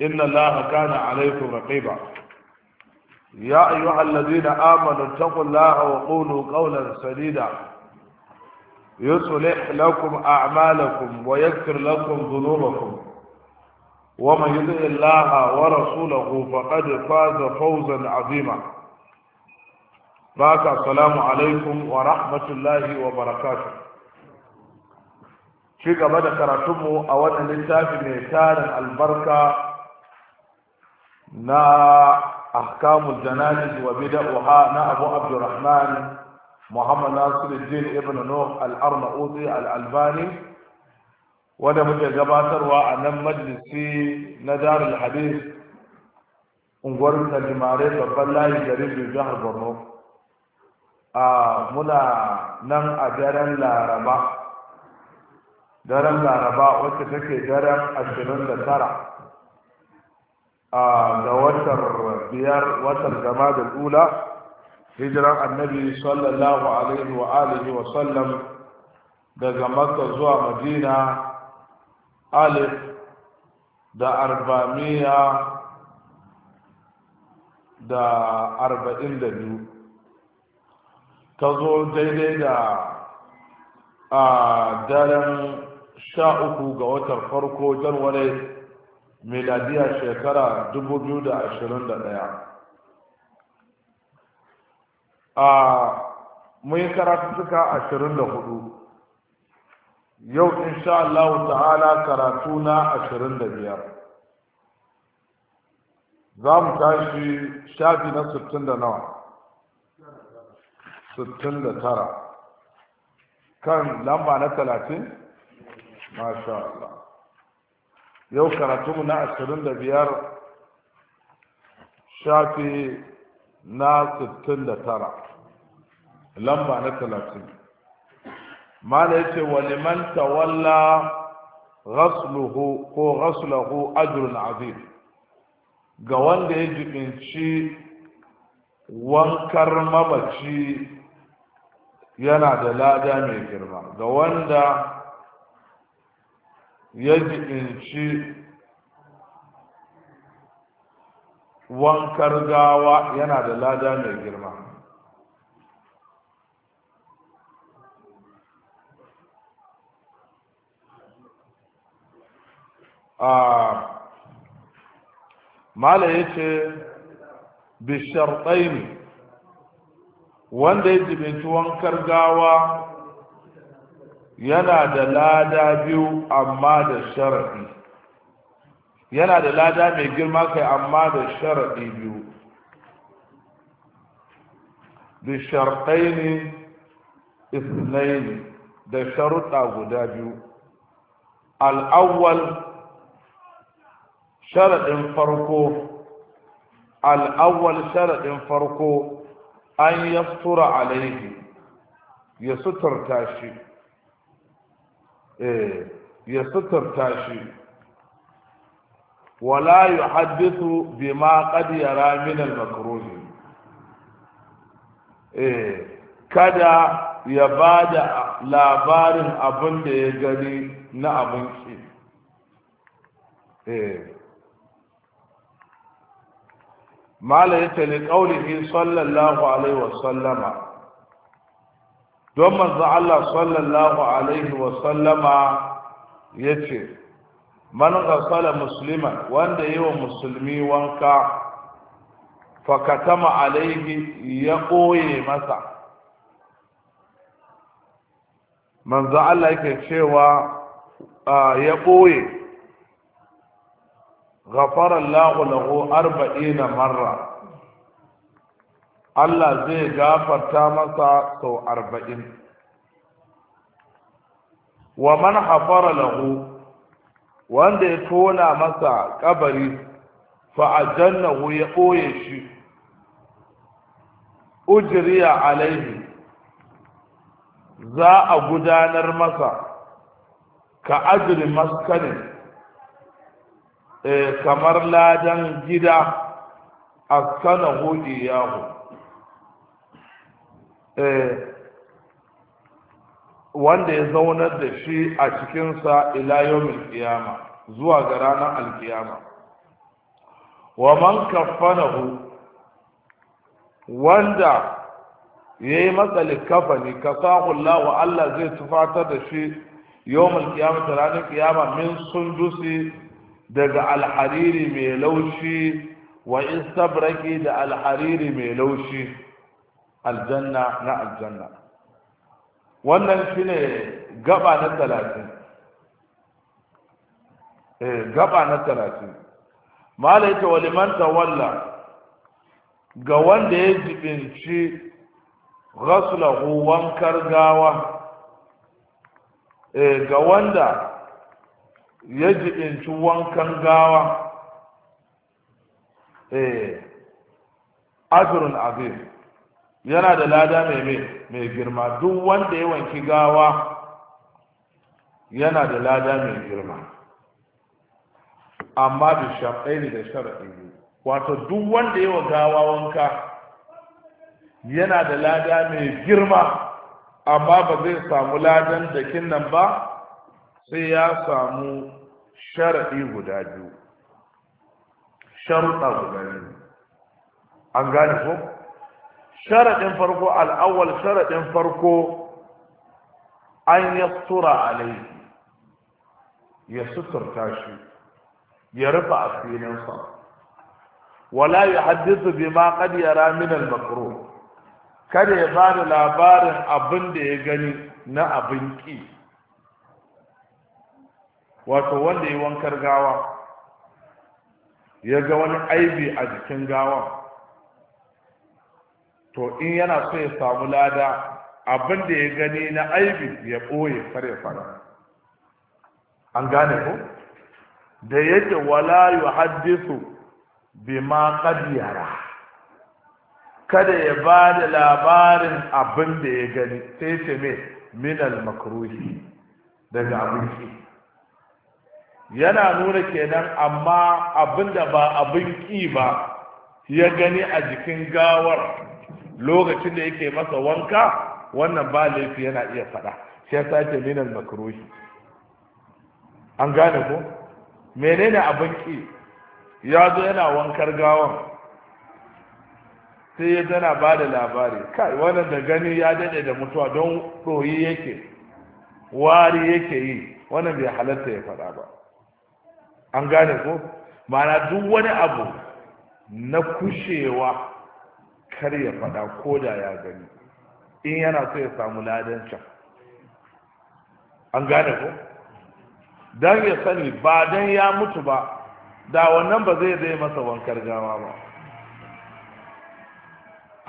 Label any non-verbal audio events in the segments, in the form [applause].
إن الله كان عليكم رقيبا يا أيها الذين آمنوا اتقوا الله وقولوا قولا سديدا يصلح لكم أعمالكم ويكفر لكم ذنوبكم ومن يطع الله ورسوله فقد فاز فوزا عظيما باك السلام عليكم ورحمة الله وبركاته شيخ بدأ كراتمه أولا للتابع ميتان البركة na ahkamul janaiz wa Oha na Abu Abdurrahman Muhammad Nasiruddin ibn Nuh al-Arnaudi al-Albani wanda muke gabatarwa a nan majalisi na darul hadith unguwar tajimare babban layi garin jihar borno a muna nan a daren laraba daren laraba wacce take daren ashirin da tara ga watar biyar watar gama da ɗula, hijiran annabi sallallahu alaihi wa alihi wa sallam daga makka zuwa madina alif da arba'amiya da arba'in da biyu ta zo daidai da a daren sha uku ga watan farko janwarai meladiya shekara 2021 a mun karatuka 24 yau insha Allah ta'ala karatu na 25 za mu tashi shafi na sittin da nawa 69 kan lamba na 30 masha Allah yau karatunmu na ashirin da biyar shafi na sittin da tara lamba na talatin mala ya ce waliman tawalla ghasluhu ko ghaslahu ajrun azim ga wanda ya jibinci wankar mabaci yana da lada mai girma ga wanda ya jiɗinci wankar gawa yana da lada mai girma mala ya ce tsaini wanda ya jibinci wankar gawa yana da lada biyu amma da sharaɗi yana da lada mai girma kai amma da sharaɗi biyu da sharɗai ne isnaini da sharuɗa guda biyu al'awwal sharaɗin farko al'awwal sharaɗin farko an yastura alaihi ya suturta shi Eh, ya suturta shi wala yuhaddithu bima qad yara min al-makruh eh kada ya ba da labarin abin da ya gani na abin shi eh. mala ya tali ƙaunihi sallallahu alaihi wasallama don manzo Allah sallallahu alaihi wa sallama ce man ghasala musliman wanda yi wa musulmi wanka fakatama alaihi ya ɓoye masa manzo Allah yake cewa ya koye ghafara Allahu lahu 40 marra Allah zai gafarta masa sau arba'in wa man hafara lahu wanda ya tona masa kabari fa ajannahu ya ɓoye shi ujriya alaihi za a gudanar masa ka ajiri maskanin eh, kamar ladan gida a kana iyahu. yahu Eh, wanda ya zaunar da shi a cikinsa ila yawmin zuwa ga ranar alkiyama wa man kaffanahu wanda ya yi masa kafani ka hula wa Allah zai tufatar da shi yawmin qiyama ta ranar kiyama min sundusi daga alhariri mai laushi wa Sabraki da alhariri mai laushi aljanna na aljanna wannan shine gaba na talatin eh, gaba na talatin malaita waliman tawalla ga wanda ya jibinci rasulahu wankar gawa eh, ga wanda ya jibinci wankan gawa eh, ajirun abin yana da lada mai mai girma duk wanda ya wanki gawa yana da lada mai girma amma da shaɗai da sharaɗi wato duk wanda ya wa gawa wanka yana da lada mai girma amma ba zai samu ladan dakin nan ba sai ya samu sharaɗi guda biyu sharuɗa guda biyu an gane ko sharaɗin farko al'awwal sharaɗin farko an ya tura alai ya suturta shi ya rufe asirinsa wala ya haddisa bi ma kad yara min kada ya ba da labarin abin da ya gani na abin ki wato wanda ya wankar gawa ya ga wani aibi a jikin gawa to in yana so ya samu lada abin da ya gani na aibi ya ɓoye kare fara an gane ko da yake wala Haddisu bima qad yara kada ya ba da labarin abin da ya gani sai ce me min makruhi daga abinci yana nuna kenan amma abin da ba abin ki ba ya gani a jikin gawar lokacin da yake masa wanka wannan ba laifi yana iya faɗa shi yasa yake minal makruhi an gane ko menene abin ki ya zo yana wankar gawan sai ya zana ba da labari kai wannan da gani ya dade da mutuwa don ɗoyi yake wari yake yi wannan bai halatta ya faɗa ba an gane ko ma'ana duk wani abu na kushewa kar ya faɗa ko da ya gani in yana so ya samu ladan can an gane ko don ya sani ba don ya mutu ba da wannan ba zai zai masa wankar gama ba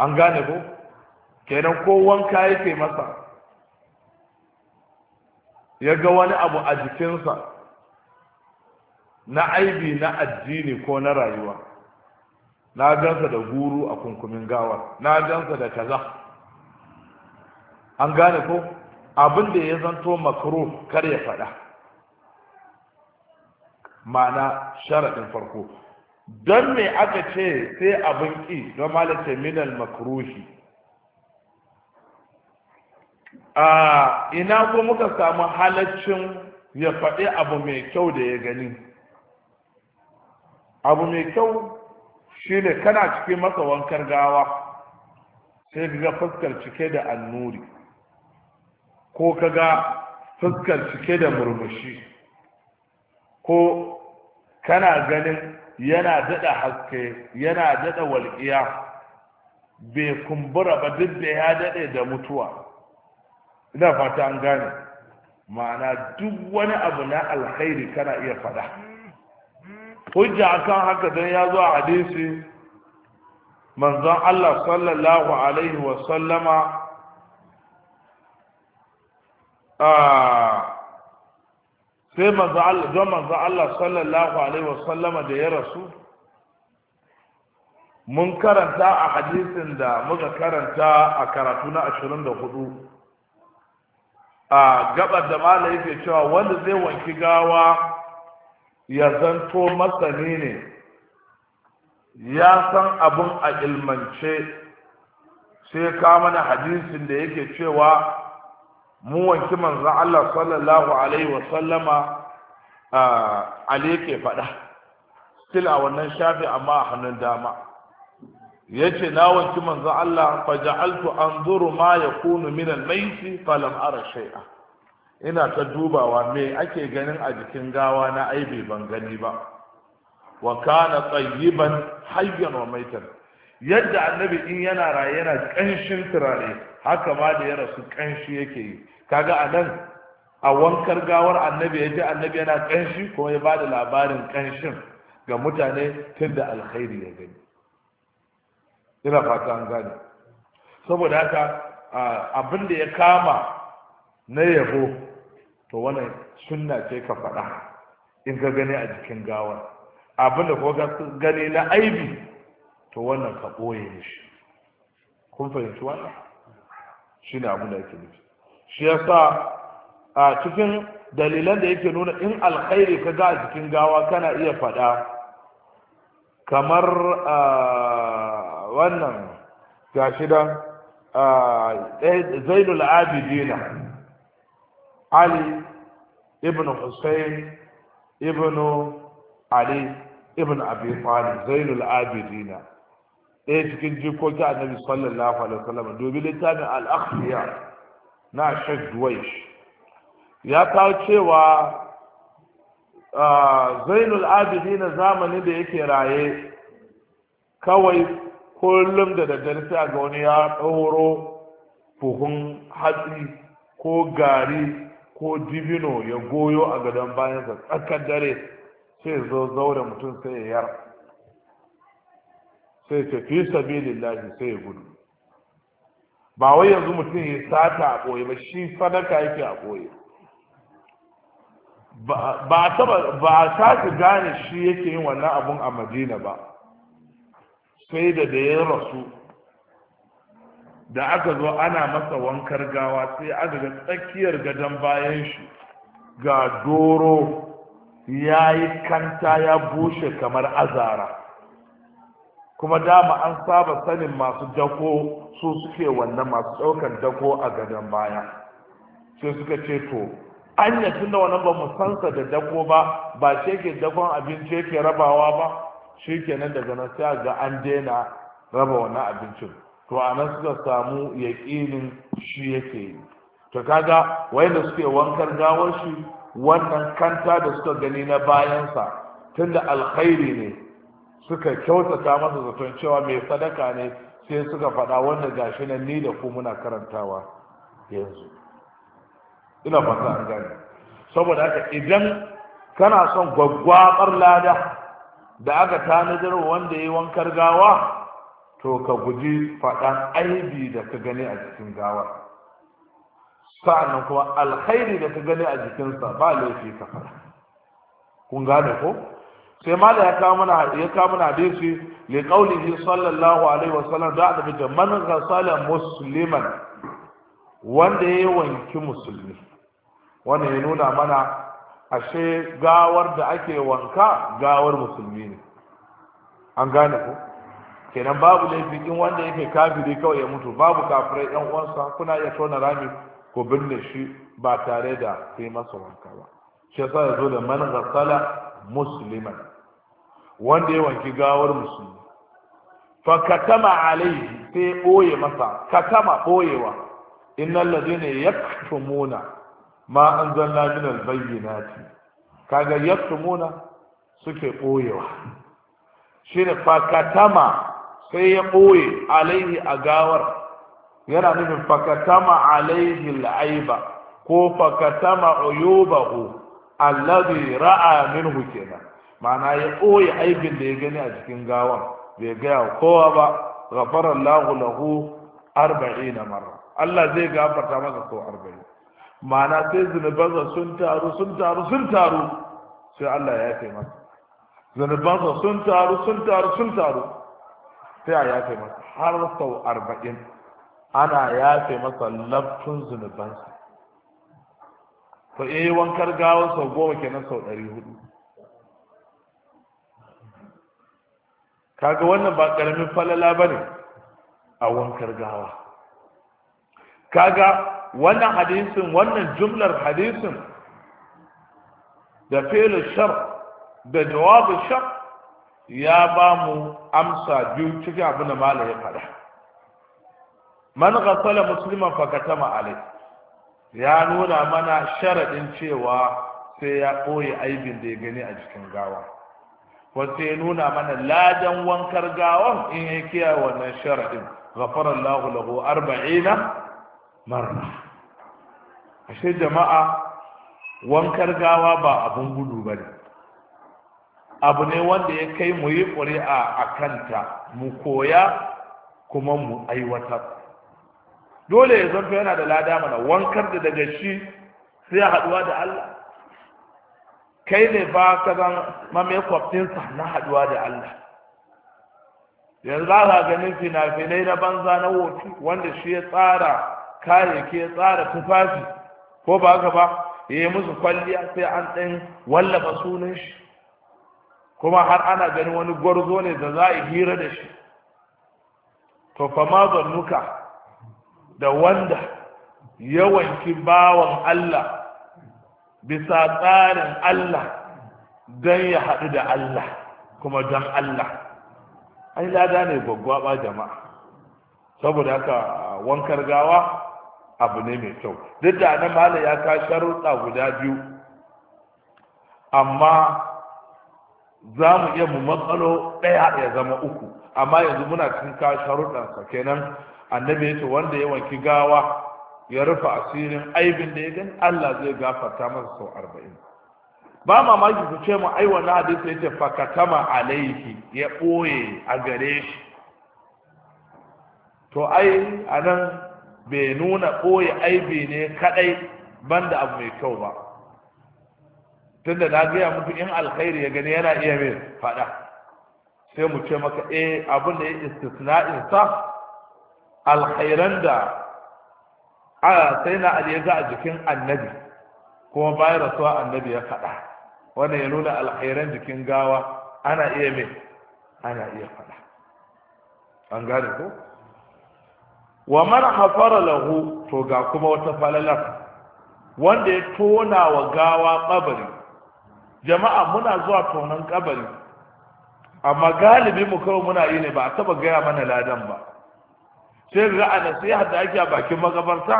an gane ko kenan ko wanka yake masa ya ga wani abu a jikinsa na aibi na addini ko na rayuwa na gansa da guru a kunkumin gawar na gansa da kaza an gane ko abin da ya zanto makaro kar ya faɗa ma'ana sharaɗin farko don me aka ce sai abin ƙi don malata minal makaruhi a ina ko muka samu halaccin ya faɗi abu mai kyau da ya gani abu mai kyau shine kana cikin masa wankar gawa sai ga fuskar cike da annuri ko kaga fuskar cike da murmushi ko kana ganin yana daɗa haske yana daɗa walƙiya bai kumbura ba duk da ya daɗe da mutuwa ina fata an gane ma'ana duk wani abu na alkhairi kana iya faɗa hujja akan haka dan ya zo a hadisi manzon Allah sallallahu alaihi wa sallama sai don manzon Allah sallallahu alaihi wa sallama da ya rasu mun karanta a hadisin da muka karanta a karatu na 24 a gabar da mala yake cewa wanda zai wanki gawa ya zanto masani ne ya san abun a ilmance sai ka mana hadisin da yake cewa mu wanki manzo Allah sallallahu alaihi wa sallama a yake faɗa still a wannan shafi amma a hannun dama yace na wanki manzo Allah fa ja'altu anzuru ma yakunu min al fa lam ara shay'a ina ta dubawa me ake ganin a jikin gawa na aibe ban gani ba wa kana tayyiban hayyan wa maitan yadda annabi in yana raye yana kanshin turare haka ma da ya rasu kanshi yake yi kaga a nan a wankar gawar annabi ya ji annabi yana kanshi kuma ya bada labarin kanshin ga mutane tun da alkhairi ya gani ina fata an gane saboda haka abin da ya kama na yabo to wannan sunna ce ka faɗa in ka gani a jikin gawar abin da kuma gani na aibi to wannan ka ɓoye shi. kun fahimci wannan shi ne abin da yake nufi shi ya sa a cikin dalilan da yake nuna in alkhairi ka ga a jikin gawa kana iya faɗa kamar wannan gashi da zainul abidina ali ibn Hussein, ibn ali ibn abi talib zainul abidina ɗaya cikin jikokin annabi sallallahu alaihi wasallam Dobi littafin al-akhfiya na shek duwaish ya kawo cewa zainul abidi zamanin zamani da yake raye kawai kullum da daddare sai ga wani ya ɗauro fuhun hatsi ko gari ko dibino ya goyo a gadon bayansa tsakar dare sai zo zaure mutum sai ya yar sai ce fi lillahi sai ya gudu ba wai yanzu mutum ya sata a ɓoye ba shi sadaka yake a ɓoye ba a sati gane shi yake yin wannan abun a madina ba sai da da ya rasu da aka zo ana masa wankar gawa sai aka ga tsakiyar gadon bayan shi ga doro ya yi kanta ya bushe kamar azara kuma dama an saba sanin masu dako su suke wannan masu ɗaukar dako a gadon baya sai suka ce to an yi tunda wannan ba mu sansa da dako ba ba ce ke dakon abinci ke rabawa ba shi kenan daga nan sai ga an daina raba wannan abincin to a nan suka samu yaƙinin shi yake yi to kaga wayanda suke wankar gawar shi wannan kanta da suka gani na bayansa tunda alkhairi ne suka kyautata masa zaton cewa mai sadaka ne sai suka faɗa wanda gashi nan ni da ku muna karantawa yanzu ina fata an gane saboda haka idan kana son gwaggwabar lada da aka tanadar wanda ya yi wankar gawa to ka guji faɗan aibi da ka gani a cikin gawar sa'annan kuma alkhairi da ka gani a jikinsa ba laifi ka fara kun gane ko sai ma da ya kawo mana ya kawo mana hadisi li qaulihi sallallahu alaihi wasallam da annabi da man ghasala musliman wanda ya wanki musulmi wannan ya nuna mana ashe gawar da ake wanka gawar musulmi ne an gane ko kenan babu laifi in wanda yake kafiri kawai ya mutu babu kafirai ɗan uwansa kuna iya tona rami ko binne shi ba tare da kai masa wanka ba shi yasa ya zo da man ghassala musliman wanda ya wanki gawar musulmi fa katama alaihi sai boye masa katama boyewa innal ladina yaktumuna ma anzalna min albayyinati kaga yaktumuna suke boyewa shine fa katama sai ya ɓoye alaihi a gawar yana nufin fakatama alaihi al'aiba ko fakatama uyubahu allabi ra'a minhu kenan ma'ana ya ɓoye aibin da ya gani a cikin gawan bai gaya kowa ba ghafara Allahu lahu na mara Allah zai gafarta masa ko arba'i ma'ana sai zunubansa sun taru sun taru sun taru sai Allah ya kai masa zunubansa sun taru sun taru sun taru sai a yafe masa har sau arba'in ana yafe masa labtun zunubansa to eh wankar gawar sau goma kenan sau ɗari hudu kaga wannan ba ƙaramin falala ba ne a wankar gawa kaga wannan hadisin wannan jumlar hadisin da fela shar da jawabin shar ya ba mu amsa biyu cikin abin da malam ya faɗa man ghasala musliman fakatama alai ya nuna mana sharaɗin cewa sai ya ɓoye aibin da ya gani a cikin gawa sai ya nuna mana ladan wankar gawan in ya kiya wannan sharaɗin ghafarar lahu lahu arba'ina marna ashe jama'a wankar gawa ba abin gudu ba ne abu ne wanda ya kai mu yi ƙuri'a a kanta mu koya kuma mu aiwatar dole ya zanto yana da lada mana wankar da daga shi sai haɗuwa da Allah kai ne ba ka zan mamaye kwaftinsa na haɗuwa da Allah yanzu za ka ganin fina-finai na banza na wofi wanda shi ya tsara kayayyaki ya tsara tufafi ko ba haka ba ya yi musu kwalliya sai an ɗan wallafa sunan shi kuma har ana ganin wani gwarzo ne da za a hira da shi to fama zannuka da wanda yawanci bawan Allah bisa tsarin Allah don ya haɗu da Allah kuma don Allah ai lada ne ba jama'a saboda haka wankar gawa abu ne mai kyau duk da nan ya ka sharuɗa guda biyu amma za mu iya mu matsalo ɗaya ya zama uku amma yanzu muna cikin ka sharuɗansa kenan annabi ya ce wanda ya wanki gawa ya rufe asirin aibin da ya gani Allah zai gafarta masa sau arba'in ba mamaki ku ce mu ai wannan hadisi ya ce fakatama alaihi ya ɓoye a gare shi to ai a nan bai nuna ɓoye aibi ne kaɗai banda abu mai kyau ba tunda na gaya mutu in alkhairi ya gani yana iya mai faɗa sai mu ce maka eh abin da ya istisna'in sa alkhairan da sai na aliyaza a jikin annabi kuma bayan rasuwa annabi ya faɗa wannan ya nuna alkhairan jikin gawa ana iya mai ana iya faɗa an gane ko wa man hafara lahu to ga kuma wata falalar wanda ya tona wa gawa kabari jama'a muna zuwa tonon kabari amma galibi mu kawai muna yi ne ba a taba gaya mana ladan ba sai ga sai nasiha da ake a bakin magabarta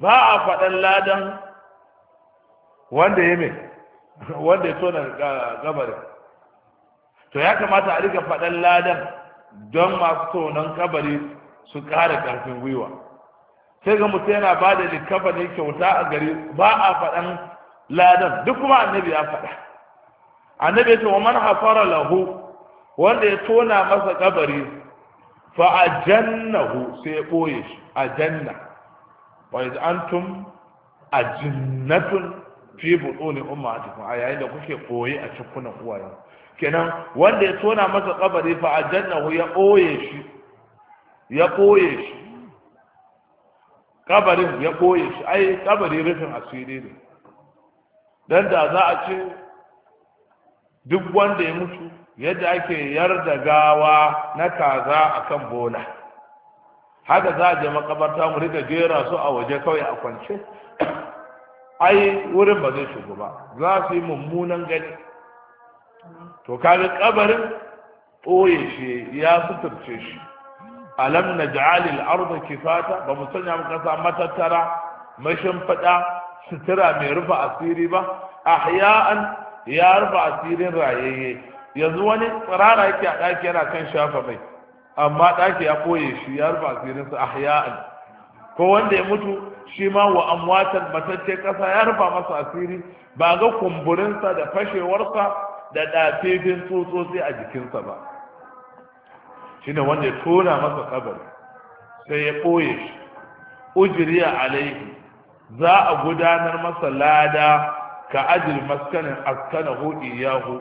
ba a faɗan ladan wanda ya me [laughs] wanda ya tona kabarin to ya kamata a rika faɗan ladan don masu tonon kabari su ƙara ƙarfin gwiwa sai ga mutum yana ba da ne kyauta a gari ba a faɗan ladan duk kuma annabi ya faɗa annabi ya ce wa man hafara lahu wanda ya tona masa kabari fa ajannahu sai ya boye shi ajanna wa iz antum ajinnatun fi buduni ummatikum a yayin da kuke koyi a cikunan uwayen kenan wanda ya tona masa kabari fa ajannahu ya ɓoye shi ya ɓoye shi kabarin ya ɓoye shi ai kabari rufin asiri ne dan da za a ce duk wanda ya mutu yadda ake yarda gawa na kaza a kan bola haka za a je makabarta mu rika jera su a waje kawai a kwance ai wurin ba zai shigo ba za su yi mummunan gani to kaga kabarin ɓoye shi ya suturce shi alam na ja'alil arda kifata ba mu sanya mu kasa matattara mashin fada sutura mai rufe asiri ba ahya'an ya rufe asirin rayayye yanzu wani tsirara yake a ɗaki yana kan shafa mai amma ɗaki ya koye shi ya rufe asirinsa ahya'an ko wanda ya mutu shi ma wa amwatan matacce ƙasa ya rufa masa asiri ba ga kumburinsa da fashewarsa da ɗafifin tsotsotsi a jikinsa ba shi wanda ya tona masa kabari sai ya ɓoye shi ujiriya alaihi za a gudanar masa lada ka ajil maskanin hudi yahu.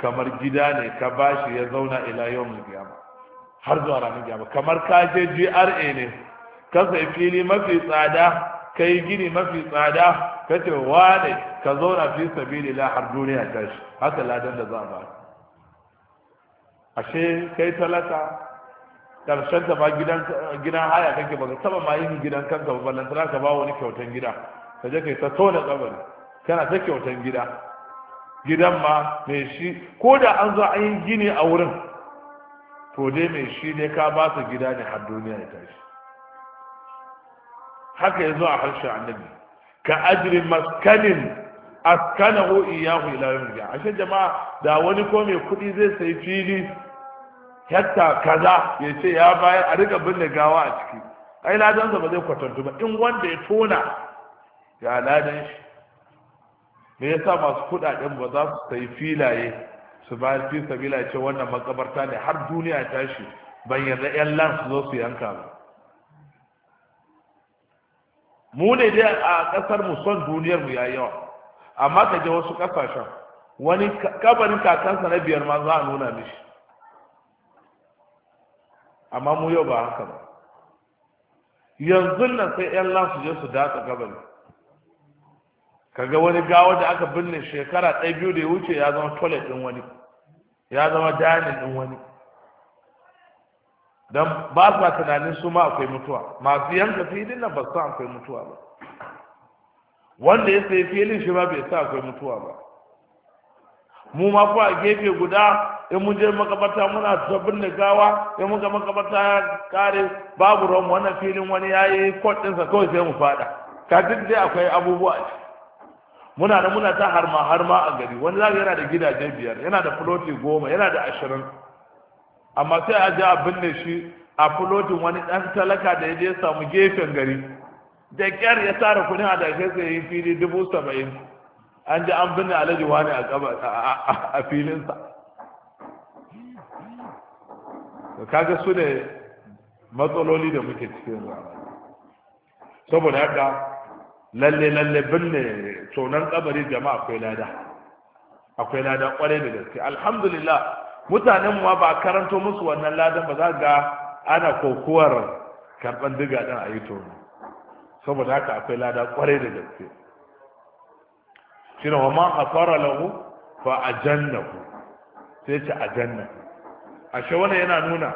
kamar gida ne ka bashi ya zauna ila mai gyama har zuwa ranar gyama kamar ka je GRA ne ka sai fili mafi tsada ka yi gini mafi tsada ka ce wane ka zauna fi sabilillah har duniya ta shi haka ladan da za a ba ashe kai talaka karshen ta ba gidan gidan haya kake baka saba ma yin gidan kanka ba ballan tana ka ba wani kyautan gida ka je kai ta tona kabari kana ta kyautan gida gidan ma mai shi ko da an zo an yi gini a wurin to dai mai shi ne ka ba su gida ne har duniya ya tashi haka ya zo a harshen annabi ka ajiri maskanin askanahu iyahu ila yawm ashe jama'a da wani ko mai kuɗi zai sayi fili hekta kaza ya ce ya bayar a riga binne gawa a ciki ai ladansa ba zai kwatantu ba in wanda ya tona ya ladan shi me yasa masu kudaden ba za su sayi filaye su bayar fi sabila ce wannan makabarta ne har duniya tashi ban yarda yan lan su zo su yanka ba mu ne dai a kasar mu son duniyar mu yayi yawa amma ka je wasu kasashen wani kabarin kakansa na biyar ma za a nuna mishi amma mu yau ba haka ba yanzu nan sai yan lasu je su datsa ka ga wani gawa da aka binne shekara ɗaya biyu da ya wuce ya zama toilet ɗin wani ya zama dining ɗin wani don ba sa tunanin su ma akwai mutuwa masu yanka filin nan ba su akwai mutuwa ba wanda ya sayi filin shi ma bai sa akwai mutuwa ba mu ma kuwa gefe guda in mun je makabarta muna ta binne gawa in muka makabarta ya kare babu ruwan wannan filin wani yayi kot ɗinsa kawai sai mu faɗa ka duk dai akwai abubuwa muna da muna ta harma harma a gari wani zaka yana da gidaje biyar yana da filoti goma yana da ashirin amma sai a je a binne shi a filotin wani ɗan talaka da ya je samu gefen gari da kyar ya tara kudin a dashe sai yi fili dubu saba'in an ji an binne alhaji wani a filinsa kaga su ne matsaloli da muke cikin zamani saboda haka lalle lalle binne tonan kabari jama'a akwai lada akwai lada kwarai da gaske alhamdulillah mutanen ma ba karanto musu wannan ladan ba za ga ana kokowar karban diga din a yi tono saboda haka akwai lada kwarai da gaske ne wa man Ba lahu fa ajannahu sai ce ajannahu a shawana yana nuna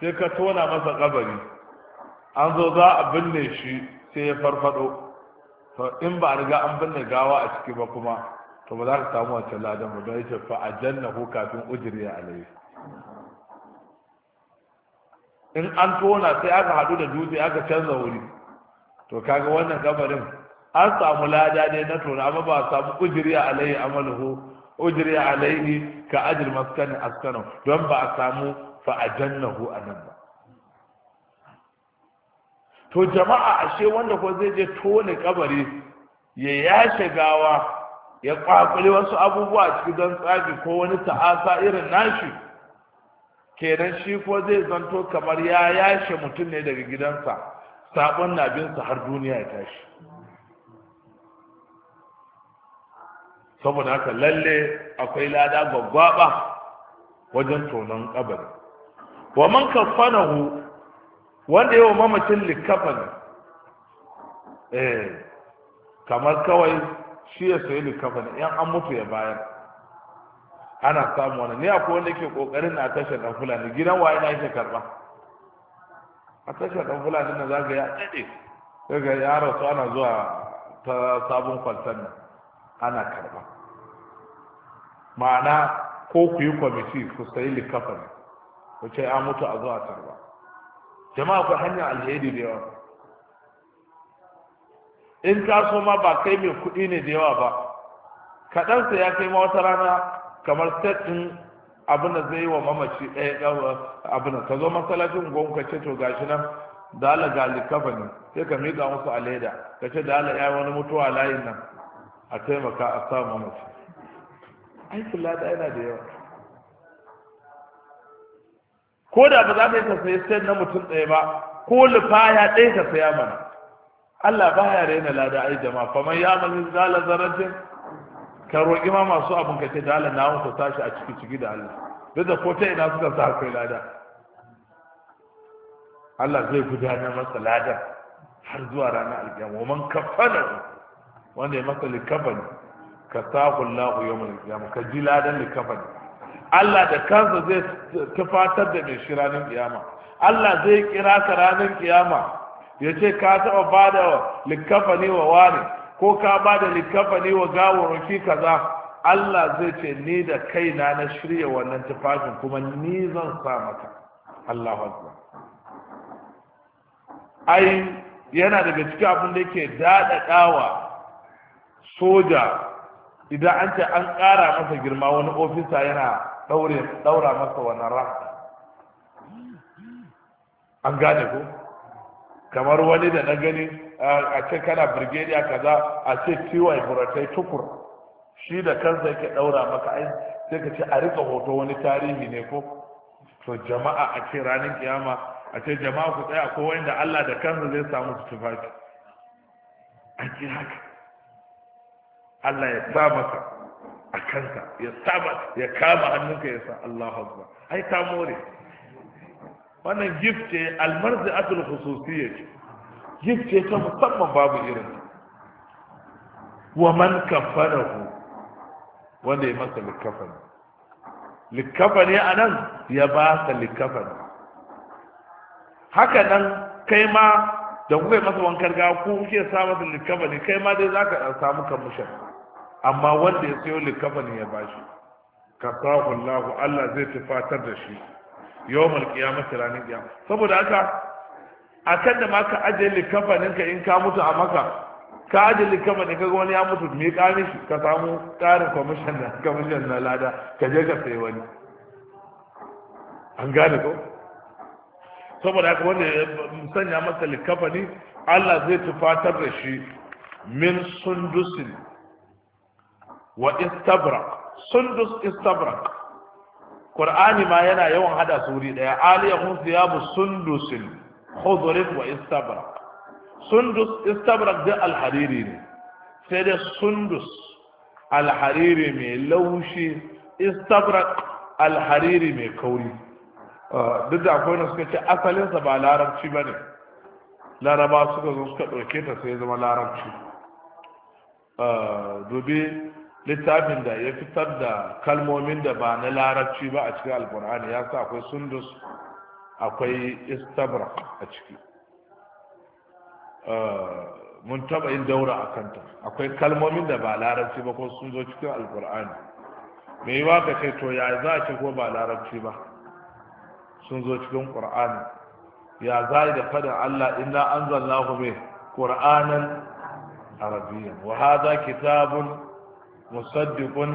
sai ka tona masa kabari an zo za a binne shi sai ya farfado to in ba a riga an binne gawa a ciki ba kuma to ba za ka samu wancan ladan ba don yace fa ko kafin a alayhi in an tona sai aka haɗu da dutse aka canza wuri to kaga wannan kabarin an samu lada ne na tona amma ba a samu ujriya alayhi amalu ujri alaihi ka ajr maskani askano don ba a samu fa a nan ba to jama'a ashe wanda ko zai je tone kabari ya yashe gawa ya kwakuli wasu abubuwa cikin don tsafi ko wani ta'asa irin nashi kenan shi ko zai zanto kamar ya yashe mutum ne daga gidansa sabon nabinsa har duniya ya tashi saboda haka lalle akwai lada gwaggwaba wajen tonon kabari wa man kafanahu wanda yawa mamacin likafan eh, kamar kawai shi ya sayi likafan yan an mutu ya bayar ana samu wani ne akwai wanda ke kokarin na tashar dan fulani gidan waye na yake karba a tashar dan fulani na zaga ya dade daga ya rasu ana zuwa ta sabon kwaltan nan ana karba ma'ana ko ku yi kwamiti ku sayi likafa ne ku ce an mutu a zuwa karba jama'a ku hanyar alheri da yawa in ka so ma ba kai mai kuɗi ne da yawa ba kaɗansa ya kai ma wata rana kamar set ɗin abin da zai yi wa mamaci ɗaya abin da ka zo masallacin gwamnati ce to gashi nan da ga likafa ne sai ka miƙa musu a leda ka ce da ala ya wani mutuwa layin nan a taimaka a samu mace aikin lada yana da yawa ko da ba za ka yi ka sayi sai na mutum ɗaya ba ko ya ɗaya ka saya mana Allah ba ya raina lada ai jama'a kamar ya mazi zala zarancin ka roƙi ma masu abin ka ce da Allah na wata tashi a ciki ciki da Allah duk da ko ta ina suka sa kai lada Allah zai gudanar masa lada har zuwa ranar alƙiyama man kafana wanda ya masa likafani ka sahun lahu yawmal qiyamah ka ji ladan likafani Allah da kansa zai tufatar da mai shi ranar kiyama Allah zai kira ka ranar kiyama ya ce ka taɓa ba da likafani wa wani ko ka ba da likafani wa gawarwaki kaza Allah zai ce ni da kaina na shirya wannan tufafin kuma ni zan sa maka Allah akbar ai yana daga cikin abin da yake daɗaɗawa soja idan an ce an ƙara masa girma wani ofisa yana ɗaura masa wannan rasa an gane ko kamar wani da na gani a ce kana birgediya kaza a ce ciwon buratai tukur shi da kansa yake ɗaura maka ai sai ka ce a rika hoto wani tarihi ne ko to jama'a a ce ranar kiyama a ce jama'a ku tsaya ko wanda Allah da kansa zai samu su tufafi a ce haka Allah ya sa maka a kanka ya saba ya kama hannunka ya sa Allahu akbar ai ta more wannan gift ce atul khususiyya ce gift ce ta musamman babu irin wa man kafarahu wanda ya masa likafani likafani a nan ya ba sa likafani haka nan kai ma da kuka yi masa wankan gawa ko kuke sa masa likafani kai ma dai za ka samu kamushan amma wanda ya sayo likafani ya bashi kasahu Allah Allah zai tufatar da shi yawmal qiyamati ranar ya saboda haka akan da ma ka aje likafanin ka in ka mutu a maka ka ajiye likafanin ka wani ya mutu me ka shi ka samu karin commission na commission na lada ka je ka sayi wani an gane ko saboda haka wanda ya sanya masa likafani Allah zai tufatar da shi min sundusin wa istabrak sundus istabrak qur'ani ma yana yawan hada suri daya aliyahum thiyabu sundusin khudrin wa istabrak sundus istabrak da alhariri ne sai da sundus alhariri mai laushi istabrak alhariri mai kauri ah, duk da akwai suka ce asalinsa ba larabci ba ne laraba suka zo suka ɗauke ta sai zama larabci ah, dubi littafin da ya fitar da kalmomin da ba na larabci ba a cikin alkur'ani ya sa akwai sundus akwai istabra a ciki eh, mun taba yin daura a kanta akwai kalmomin da ba larabci ba ko sun zo cikin alkur'ani me yi ka kai to ya za a ce ko ba larabci ba sun zo cikin Ƙur'ani? ya za da faɗin allah inna anzalnahu mai qur'anan arabiyyan wa haza kitabun musaddiqun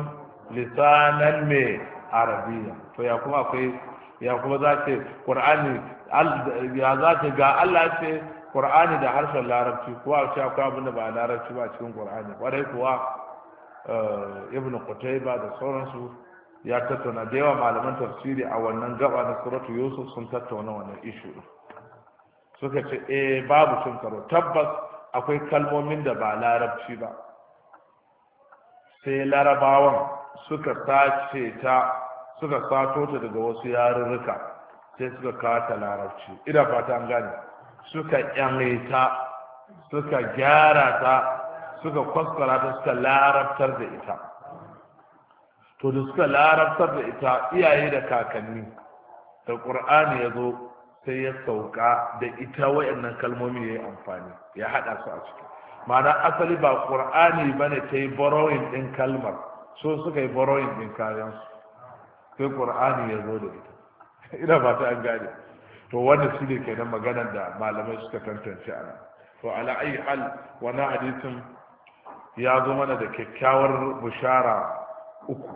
lisanan me arabiya to ya kuma akwai ya kuma za ce qur'ani ya za ce ga Allah ce qur'ani da harshen larabci ko a ce akwai abin da ba larabci ba cikin qur'ani kwarai kuwa eh, ibn qutayba da sauransu ya tattauna da yawa malaman tafsiri a wannan gaba na suratu yusuf sun tattauna wannan ishu suka ce eh babu cin karo tabbas akwai kalmomin da ba larabci ba sai larabawan suka sace ta suka sato ta daga wasu yarurruka sai suka kata larabci Idan fata an gane suka yanne ta suka gyara ta suka kwaskwara ta suka larabtar da ita to da suka larabtar da ita iyaye da kakanni da ƙur'ani ya zo sai ya sauka da ita wayannan kalmomi ya yi amfani ya haɗa su a ciki ma'ana asali ba ƙur'ani ba ne ta yi borrowing ɗin kalmar so suka yi borrowing ɗin su sai ƙur'ani ya zo da ita [laughs] ina ba ta an gane to wannan shi ne kenan maganar da malamai suka tantance ana to ala ayi hal wani hadisin ya zo mana da kyakkyawar bushara uku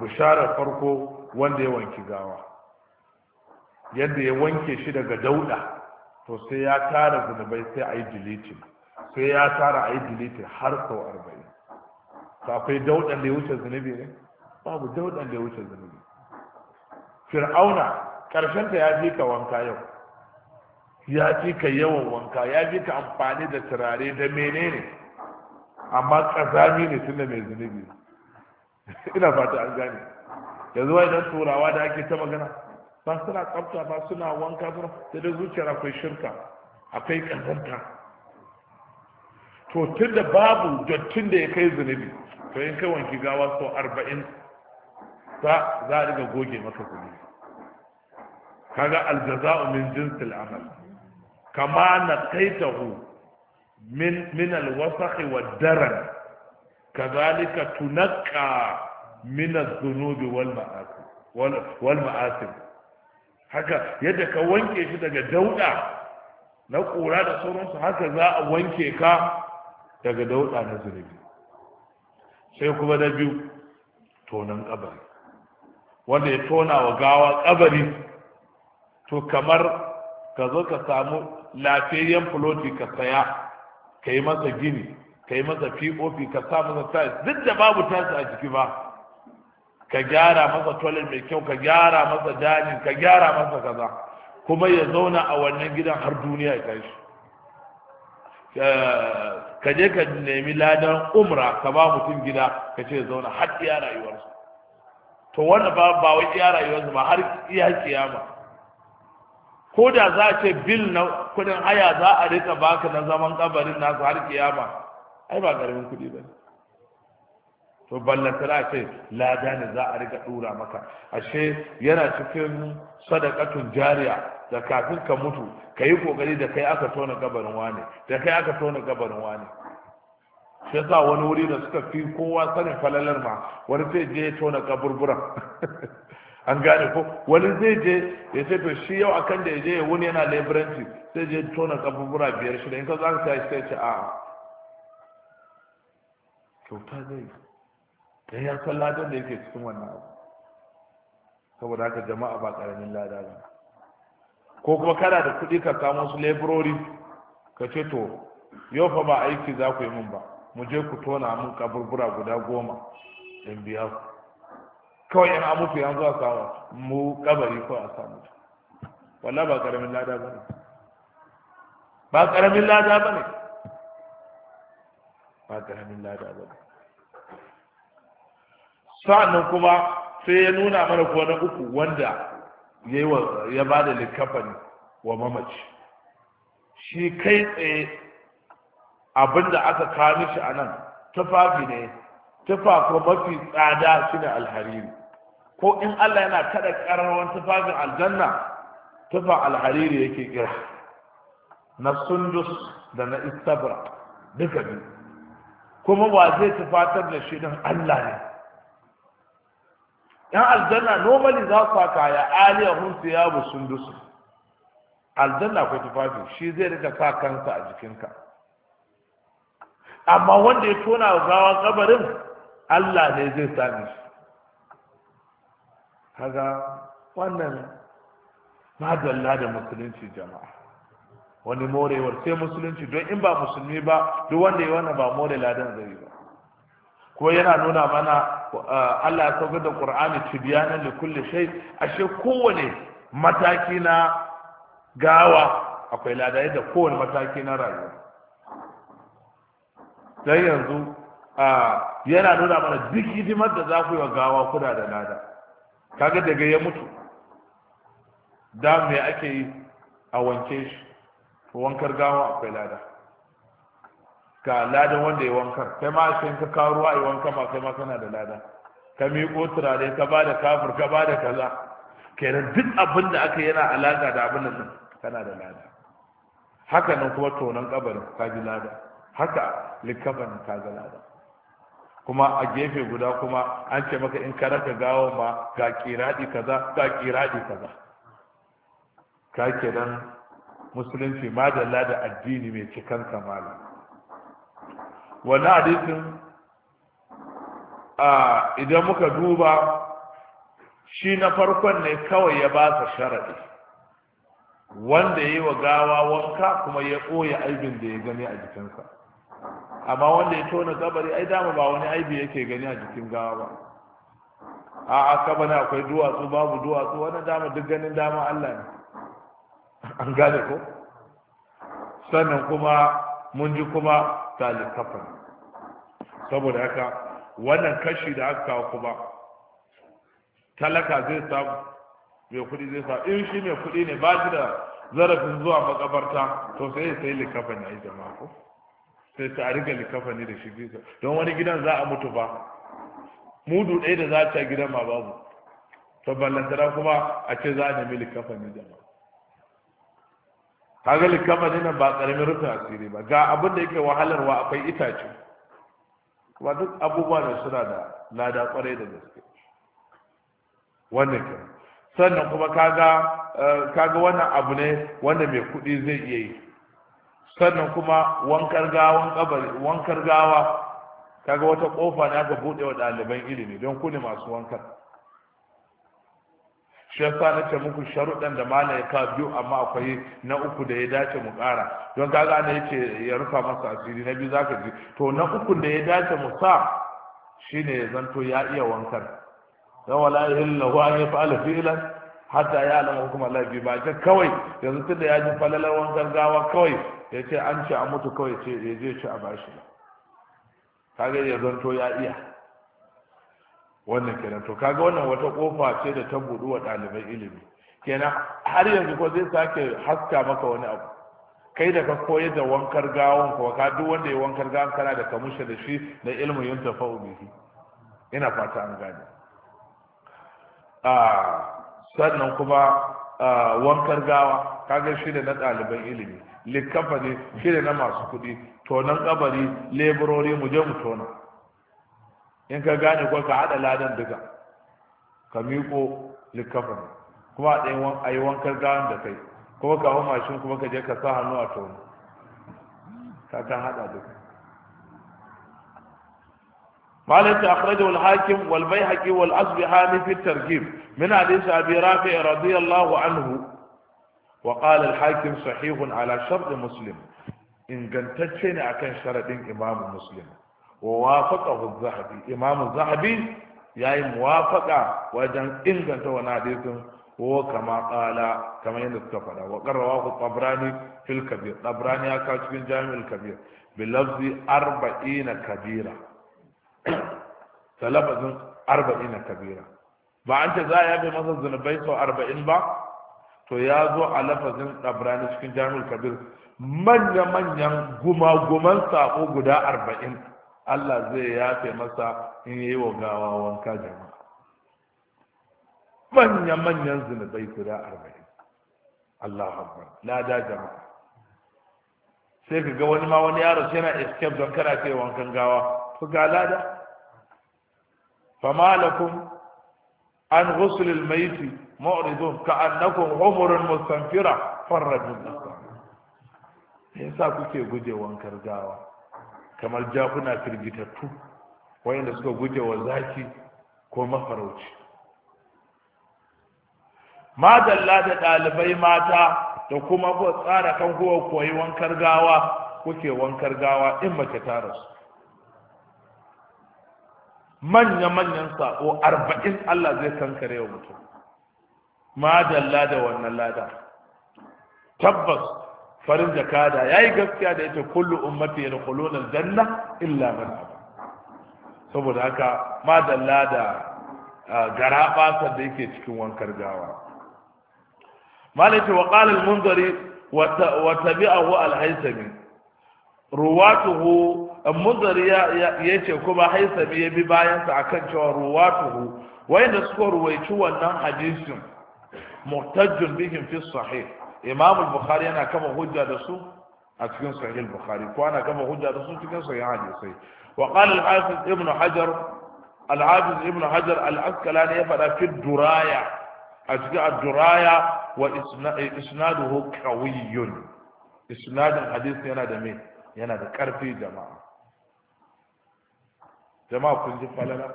bushara farko wanda ya wanki gawa yadda ya wanke shi daga dauda to sai ya tara zunubai sai a yi deleting sai ya tara a yi dilitin har sau arba'in to akwai daudan da ya wuce zunubi ne babu daudan da ya wuce zunubi fir'auna karshenta ya fi ka wanka yau ya fi ka yawan wanka ya fi ka amfani da turare da menene amma kazami ne tunda mai zunubi ina fata an gane yanzu wai dan turawa da ake ta magana ba suna tsafta ba suna wanka ba da da zuciyar akwai shirka akwai kazanta to tun da babu dattin da ya kai zunubi to in kai wanki gawa sau arba'in za a riga goge maka zunubi kaga aljaza'u min jinsil amal kama na kaitahu min min alwasakhi wa daran kazalika tunaqqa min adh-dhunubi wal ma'asi wal ma'asi haka yadda ka wanke shi daga dauda na kura da sauransu haka za a wanke ka daga dauɗa na zunubi sai kuma na biyu tonon kabari wanda ya tona wa gawa ƙabari, to kamar ka zo ka samu lafiyayyen fuloti ka saya ka yi masa gini ka yi masa pop ka sa masa tais duk da babu tais a jiki ba ka gyara masa toilet mai kyau ka gyara masa dani ka gyara masa kaza kuma ya zauna a wannan gidan har duniya ya tashi eh, ka je ka nemi ladan umra ka ba mutum gida ka ce zauna har iya rayuwarsa to wannan ba ba wai iya rayuwarsa ba har iya kiyama ko da za a ce bil na kudin haya za a rika baka na zaman kabarin nasu har kiyama ai ba karamin kudi ba ne to ballantana ce lada ne za a rika dura maka ashe yana cikin sadakatun jariya da kafin ka mutu ka yi kokari da kai aka tona gabarin wane da kai aka tona gabarin wane Sai sa wani wuri da suka fi kowa sanin falalar ma wani zai je ya tona kaburburan [laughs] an gane ko wani zai je ya ce to shi yau akan da ya je ya wuni yana leburanci sai je tona kaburbura biyar shida in ka za ka tashi sai ce a'a kyauta zai dan ya san ladan da yake cikin wannan abu saboda haka jama'a ba karamin lada ba ko kuma kana da kuɗi ka samu su laborori ka ce to yau fa ba aiki za ku yi min ba mu je ku tona mun kaburbura guda goma in biya ku kawai yana mutu yanzu a samu mu kabari ko a samu wala ba karamin lada ba ne ba karamin lada ba ne ba karamin lada ba ne sa'annan kuma sai ya nuna mana ko na uku wanda ya ba da likafani wa mamaci shi kai tsaye abinda aka kawo shi a nan tufafi ne tufafi mafi tsada shine ne alhariri ko in allah yana kada ƙararrawan tufafin aljanna tufa alhariri yake kira na sundus da na istabra duka biyu kuma wa zai tufatar da shi don allah ne yan aljanna normally za su haka ya aliyahun sun dusu aljanna akwai tufafi shi zai rika sa kansa a jikinka amma wanda ya tona gawa kabarin Allah ne zai sami shi kaga wannan madalla da musulunci jama'a wani morewar sai musulunci don in ba musulmi ba duk wanda ya wannan ba more ladan zai ba ko yana nuna mana eh, Allah ya saukar da Qur'ani tibyanan li kulli shay ashe kowane mataki na gawa akwai lada yadda kowane mataki na rayuwa Dan yanzu eh, yana nuna mana duk hidimar da za ku yi wa gawa kuna da lada kaga daga ya mutu da me ake yi a wanke shi wankar gawa akwai lada ka ladan wanda ya wanka kai ma sai ka kawo ruwa ya wanka ma kai ma kana da lada ka miƙo turare ka ba da kafir ka ba da kaza kenan duk abin da aka yana alaƙa da abin nan kana da lada haka nan kuma tonon kabarin ka ji lada haka likaban ka ga lada kuma a gefe guda kuma an ce maka in ka raka gawo ma ga kiradi kaza ga kiradi kaza ka kenan musulunci ma da lada addini mai cikan kamala wannan hadisin a idan muka duba shi na farkon ne kawai ya ba sa sharaɗi wanda ya yi wa gawa wanka kuma ya ɓoye aibin da ya gani a jikinsa amma wanda ya tona kabari ai dama ba wani aibi yake gani a jikin gawa ba a aka bane akwai duwatsu babu duwatsu wani dama duk ganin dama allah ne an gane ko sannan kuma mun ji kuma ta littafin saboda haka wannan kashi da aka kawo kuma talaka zai samu mai kuɗi zai samu in shi mai kuɗi ne ba shi da zarafin zuwa makabarta to sai ya sai ya yi jama'a ko sai ta riga ne da shi bisa don wani gidan za a mutu ba mudu ɗaya da za a ta gidan ma babu to ballantana kuma a ce za a nemi likafani jama'a kaga likamani nan ba karamin rufin asiri ba ga abin da yake wahalarwa akwai itace kuma duk abubuwa da suna da lada kwarai da gaske wannan ke sannan kuma kaga eh, kaga wannan abu ne wanda mai kuɗi zai iya yi sannan kuma wankar gawan kabari wankar gawa kaga wata kofa ne aka buɗe wa ɗaliban ilimi don ku ne masu wankar shi yasa na ce muku sharuɗan da mala ya ka biyu amma akwai na uku da ya dace mu ƙara don kaga ya yace ya rufa masa asiri na biyu zaka ji to na uku da ya dace mu sa shine ya zanto ya iya wankan dan wala illa huwa ya fa'ala fi'lan hatta ya alama hukuma Allah bi ba ce kawai yanzu tunda ya ji falalar wankan gawa kawai ya ce an ce a mutu kawai ce ya je ci a bashi kaga ya zanto ya iya wannan kenan to kaga wannan wata kofa ce da ta budu wa ɗaliban ilimi kenan har yanzu ko zai sake haska maka wani abu kai da ka koyar da wankar gawon ko ka duk wanda ya wankar gawon kana da kamusha da shi na ilmu yin tafa'u ubihi ina fata an gane ah, sannan kuma ah, wankar gawa kaga shi da na ɗaliban ilimi likafa ne shi da na masu kuɗi tonon kabari leburori mu je mu tona in ka gane kuwa ka haɗa ladan duka ka miko likafin kuma a ɗayin ayi wankar da kai kuma ka hau mashin kuma ka je ka sa hannu a tono ka kan haɗa duka malaita akhraja wal hakim wal baihaqi wal asbihani fi targhib min hadith abi rafi radiyallahu anhu wa qala al hakim sahihun ala shart muslim ingantacce ne kan sharadin imamu muslim wa wafaqahu zahabi imamu zahabi yayi muwafaqa wajen inganta wani hadisin wa kama qala kamar yadda suka faɗa wa qarrawahu tabrani fil kabir tabrani ya ka cikin jami'ul kabir bi lafzi 40 kabira talabazin 40 kabira ba an ce za a yabe masa zunubai sau 40 ba to ya zo a lafazin tabrani cikin jami'ul kabir manya-manyan guma-guman sako guda arba'in Allah zai yafe masa in yi wa gawa wanka jama'a manya-manyan zunubai guda arba'in Allah akbar lada jama'a sai ka ga wani ma wani yaro shi yana escape don kana kai wankan gawa ku ga lada fama lakum an ghusl al-mayti mu'ridun ka annakum umrun mustanfira farrajun sa kuke guje wankar gawa kamar jakuna firgitattu wayanda suka guje wa zaki ko mafarauci dalla da ɗalibai mata da kuma ko tsara kan kowa koyi wankar gawa kuke wankar gawa in mace ta rasu manya-manyan sako arba'in Allah zai kankare wa mutum dalla da wannan lada tabbas farin jakada yayi gaskiya da ita kullu ummati yadkhuluna aljanna illa man saboda haka ma dalla da gara basar da yake cikin wankar gawa malaka wa al-munzari wa tabi'ahu al-haythami ruwatuhu munzari yace kuma haythami ya bi bayan sa akan cewa ruwatuhu wayanda suka ruwaici wannan hadisin muhtajjun bihim fi sahih imam al-bukhari yana kama hujja da su a cikin sahih al-bukhari ko ana kama hujja da su cikin sahih hadisi wa qala al-hafiz ibn hajar al-hafiz ibn hajar al-asqalani ya fada fi duraya a cikin duraya wa isnaduhu qawiyyun isnadin hadisi yana da me yana da karfi jama'a jama'a kun ji falala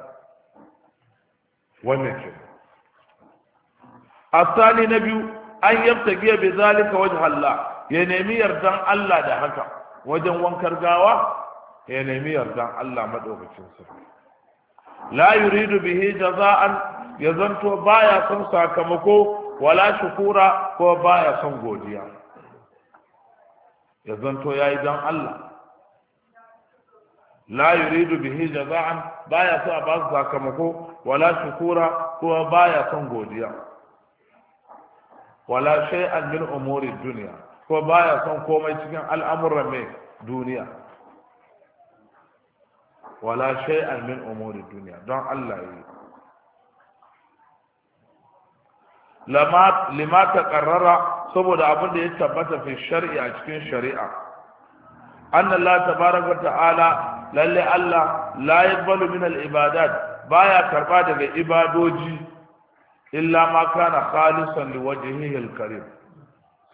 wannan kenan الثاني نبي an yabtagiya bi zalika wajh Allah ya nemi yardan Allah da haka wajen wankar gawa ya nemi yardan Allah madaukakin sarki la yuridu bihi jaza'an ya zanto baya son sakamako wala shukura ko baya son godiya ya zanto yayi dan Allah la yuridu bihi jaza'an baya ba sakamako wala shukura ko baya son godiya wala shay'an min umuri duniya, ko baya son komai cikin al'amuran mai duniya wala shay'an min umuri duniya, don Allah yi lima taqarrara saboda abin da ya tabbata fi shari'a a cikin shari'a anna Allah tabaraka ta'ala lalle Allah la yaqbalu min al baya karba daga ibadoji illa ma kana khalisan liwajhihi alkarim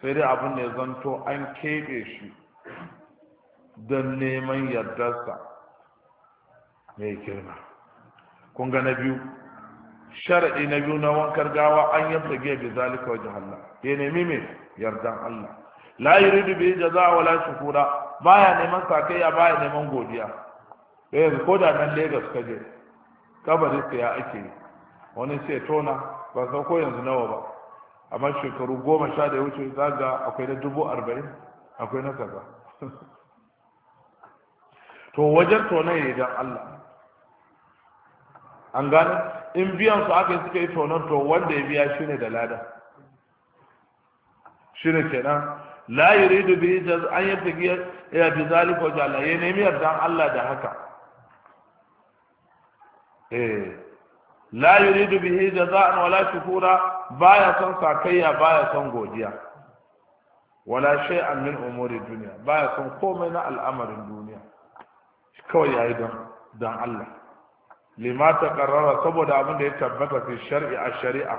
sai dai abin ne ya zanto an kebe shi don neman yardarsa mai girma kun ga na biyu na biyu na wankar gawa an yabta giya bi zalika wajen Allah ya nemi mai yardan Allah la yuridu bi jaza wa la shukura baya neman ya baya neman godiya eh ko da nan Lagos kaje je, sai ya ake wani sai tona ba san ko yanzu nawa ba amma shekaru goma sha da ya wuce za ga akwai na dubu arba'in akwai na kaza [laughs] to wajen tonon ne don allah an gane in biyan su aka yi suka yi tonon to wanda ya biya shine da lada shine kenan la da bi da an yi yabtagi ya fi zalika wa jalla ya nemi yardan allah da haka eh la yuridu bihi jaza'an wala shukura baya son sakayya baya son godiya wala shay'an min umuri duniya baya son komai na al'amarin duniya kawai yayi don don Allah lima taqarrara saboda abin da ya tabbata fi shar'i a shari'a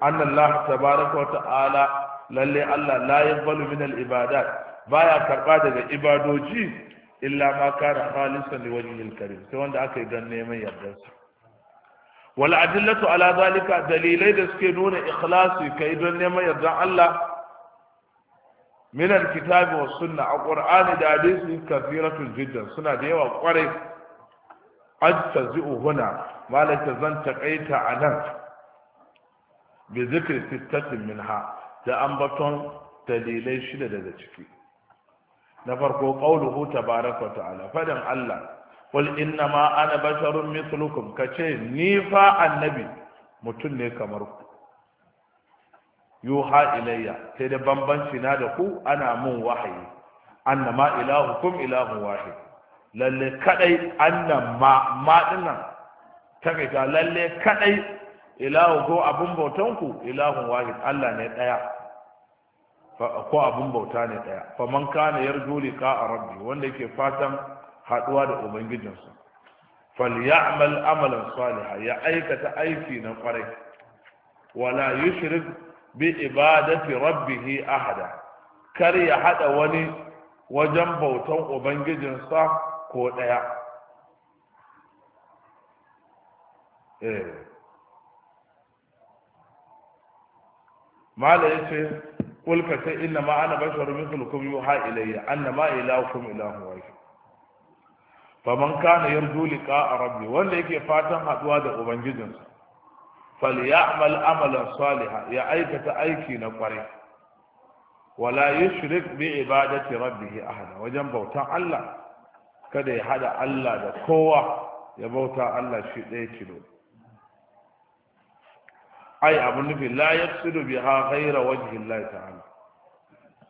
anna Allah tabaraka wa ta'ala lalle Allah la yaqbalu min al-ibadat baya karba daga ibadoji illa ma kana khalisan liwajhil karim sai wanda aka yi dan neman yardarsa wal'adillatu ala zalika dalilai da suke nuna ikhlasi kai don neman yardan Allah minar kitabi was sunna a qur'ani da hadisi kathiratu jiddan suna da yawa kwarai ajtazi'u huna malaka zan takaita anan bi zikri sittatin minha da ambaton dalilai shida daga ciki na farko qauluhu tabaraka wa ta'ala fadan Allah qul inna ma ana basharun mithlukum kace ni fa annabi mutum ne kamar ku yuha ilayya sai da bambanci na da ku ana mun wahayi annama ilahukum ilahun wahid lalle kadai annama ma dinnan takaita lalle kadai ilahu ko abun bautan ku ilahun wahi Allah ne daya ko abun bauta ne daya faman kana yarju liqa rabbi wanda yake fatan haduwa da ubangijinsa falyamal amalan saliha ya aikata aiki na kwarai wala yushrik bi ibadati rabbih ahada kar ya hada wani wajen bautan ubangijinsa ko daya eh mala yace kulka sai inna ma ana basharu mithlukum yuha ilayya annama ilahukum ilahu wahid faman kana yarju liqa rabbi wanda yake fatan haduwa da ubangijinsa falyamal amalan salihan ya aikata aiki na kware wala yushrik bi ibadati rabbih ahada wajen bautan Allah kada ya hada Allah da kowa ya bauta Allah shi ɗaya kilo ai abu nufi la yafsidu biha ghayra wajhi Allah ta'ala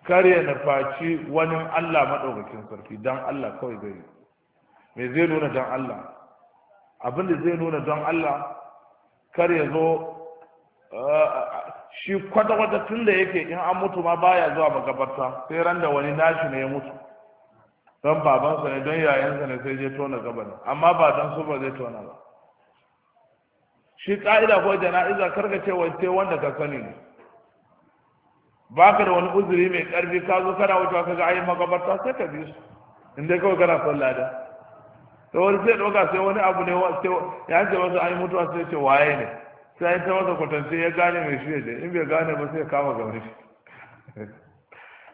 kare na faci wani Allah madaukakin sarki dan Allah kawai zai me zai nuna don Allah abin da zai nuna don Allah kar ya zo shi kwata-kwata tun da yake in an mutu ma baya zuwa magabarta sai ran da wani nashi ne ya mutu don babansa ne don yayansa ne sai je tona gabani amma ba don su ba zai tona ba shi ka'ida ko jana'iza karka ce wace wanda ka sani ne baka da wani uzuri mai karfi ka zo kana wuce ka ga ayi magabarta sai ka bi su inda kawai kana son lada to wani sai ɗauka sai wani abu ne ya ce masa an yi mutuwa sai ce waye ne sai ta masa kwatance ya gane mai shi ne in bai gane ba sai ya kama gaban shi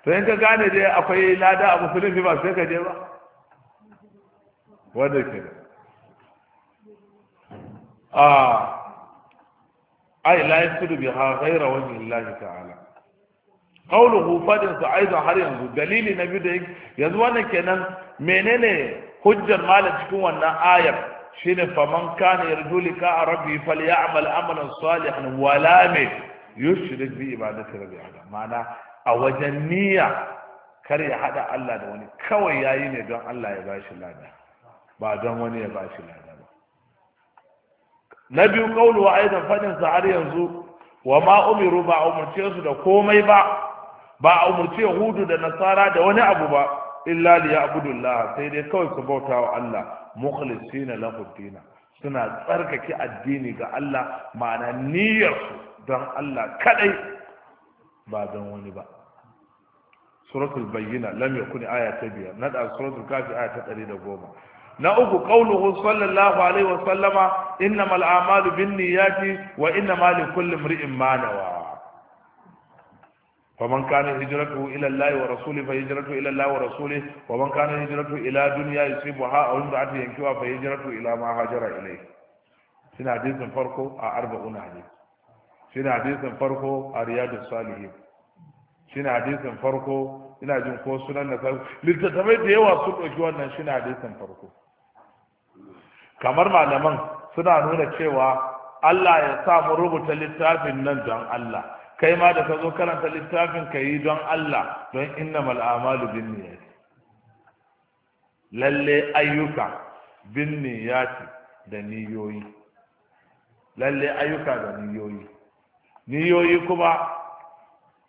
to in ka gane dai akwai lada a musulunci ba sai ka je ba wanda ke da a ai la yasudu ha ghayra wajhi llahi ta'ala qawluhu fadin sa'id har yanzu dalili na biyu da yanzu wannan kenan menene hujjar malam cikin wannan ayar shine faman kana yarju lika rabbi falyamal amalan salihan wala me yushrik bi ibadati rabbi ahad mana a wajen niyya kar ya hada Allah da wani kawai yayi ne don Allah ya bashi lada ba don wani ya bashi lada ba na biyu kaulu wa aidan fadin sa har yanzu wa ma umiru ba umurce su da komai ba ba umurce hudu da nasara da wani abu ba illa li ya'budullah sai dai kawai su bauta wa Allah mukhlisina lahu dina suna tsarkake addini ga Allah ma'ana niyyar su don Allah kadai ba don wani ba suratul bayyina lam yakun aya ta biyar na da suratul kafi aya ta 110 na uku qauluhu sallallahu alaihi wa sallama innamal a'malu binniyati wa innamal likulli imri'in ma فمن كان هجرته إلى الله ورسوله فهجرته إلى الله ورسوله ومن كان هجرته إلى دنيا يصيبها أو امرأة ينكوها فهجرته إلى ما هاجر إليه سنة حديث فرقه أربعون حديث سنة حديث فرقه رياض الصالحين سنة حديث فرقه ina jin ko sunan na sai littattafai da yawa sun ɗauki wannan shi na hadisin farko kamar malaman suna nuna cewa Allah ya sa mu rubuta littafin nan don Allah kai ma da ka zo karanta littafin ka yi don Allah don innamal a'malu binniyati lalle ayyuka binniyati da niyoyi lalle ayyuka da niyoyi niyoyi kuma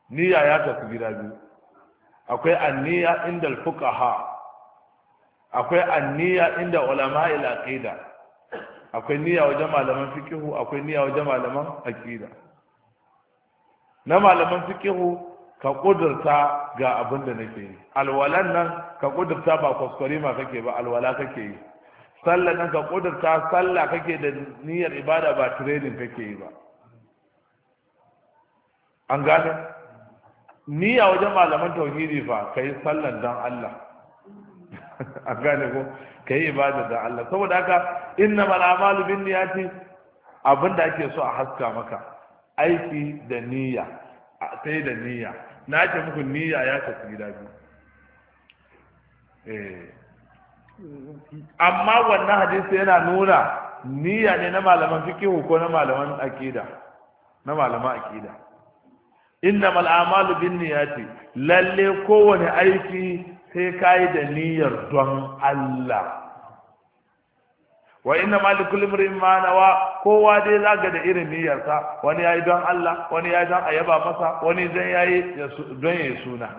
niyya ya tafi gida biyu akwai anniya inda fuqaha akwai anniya inda ila aqida akwai niyya wajen malaman fikihu akwai niyya wajen malaman aqida na malaman fikihu ka kudurta ga abin da nake yi alwalan nan ka kudurta ba kwaskwari ma kake ba alwala kake yi sallah nan ka kudurta sallah kake da niyyar ibada ba training kake yi ba an gane niyya wajen malaman tauhidi fa kai sallan dan Allah [laughs] an gane ko kai ibada don Allah saboda haka innamal a'malu binniyati abinda ake so a haska maka aiki da niyya sai da niyya na ce muku niyya ya tafi gida biyu eh. amma wannan hadisi yana nuna niyya ne na malaman fikihu ko na malaman akida na malaman akida innamal a'malu binniyati lalle kowane aiki sai kai da niyyar don Allah wa inna ma li kulli imrin ma nawa kowa dai zaka da irin niyyarsa wani yayi don Allah wani yayi don ayaba masa wani dan yayi don yayi suna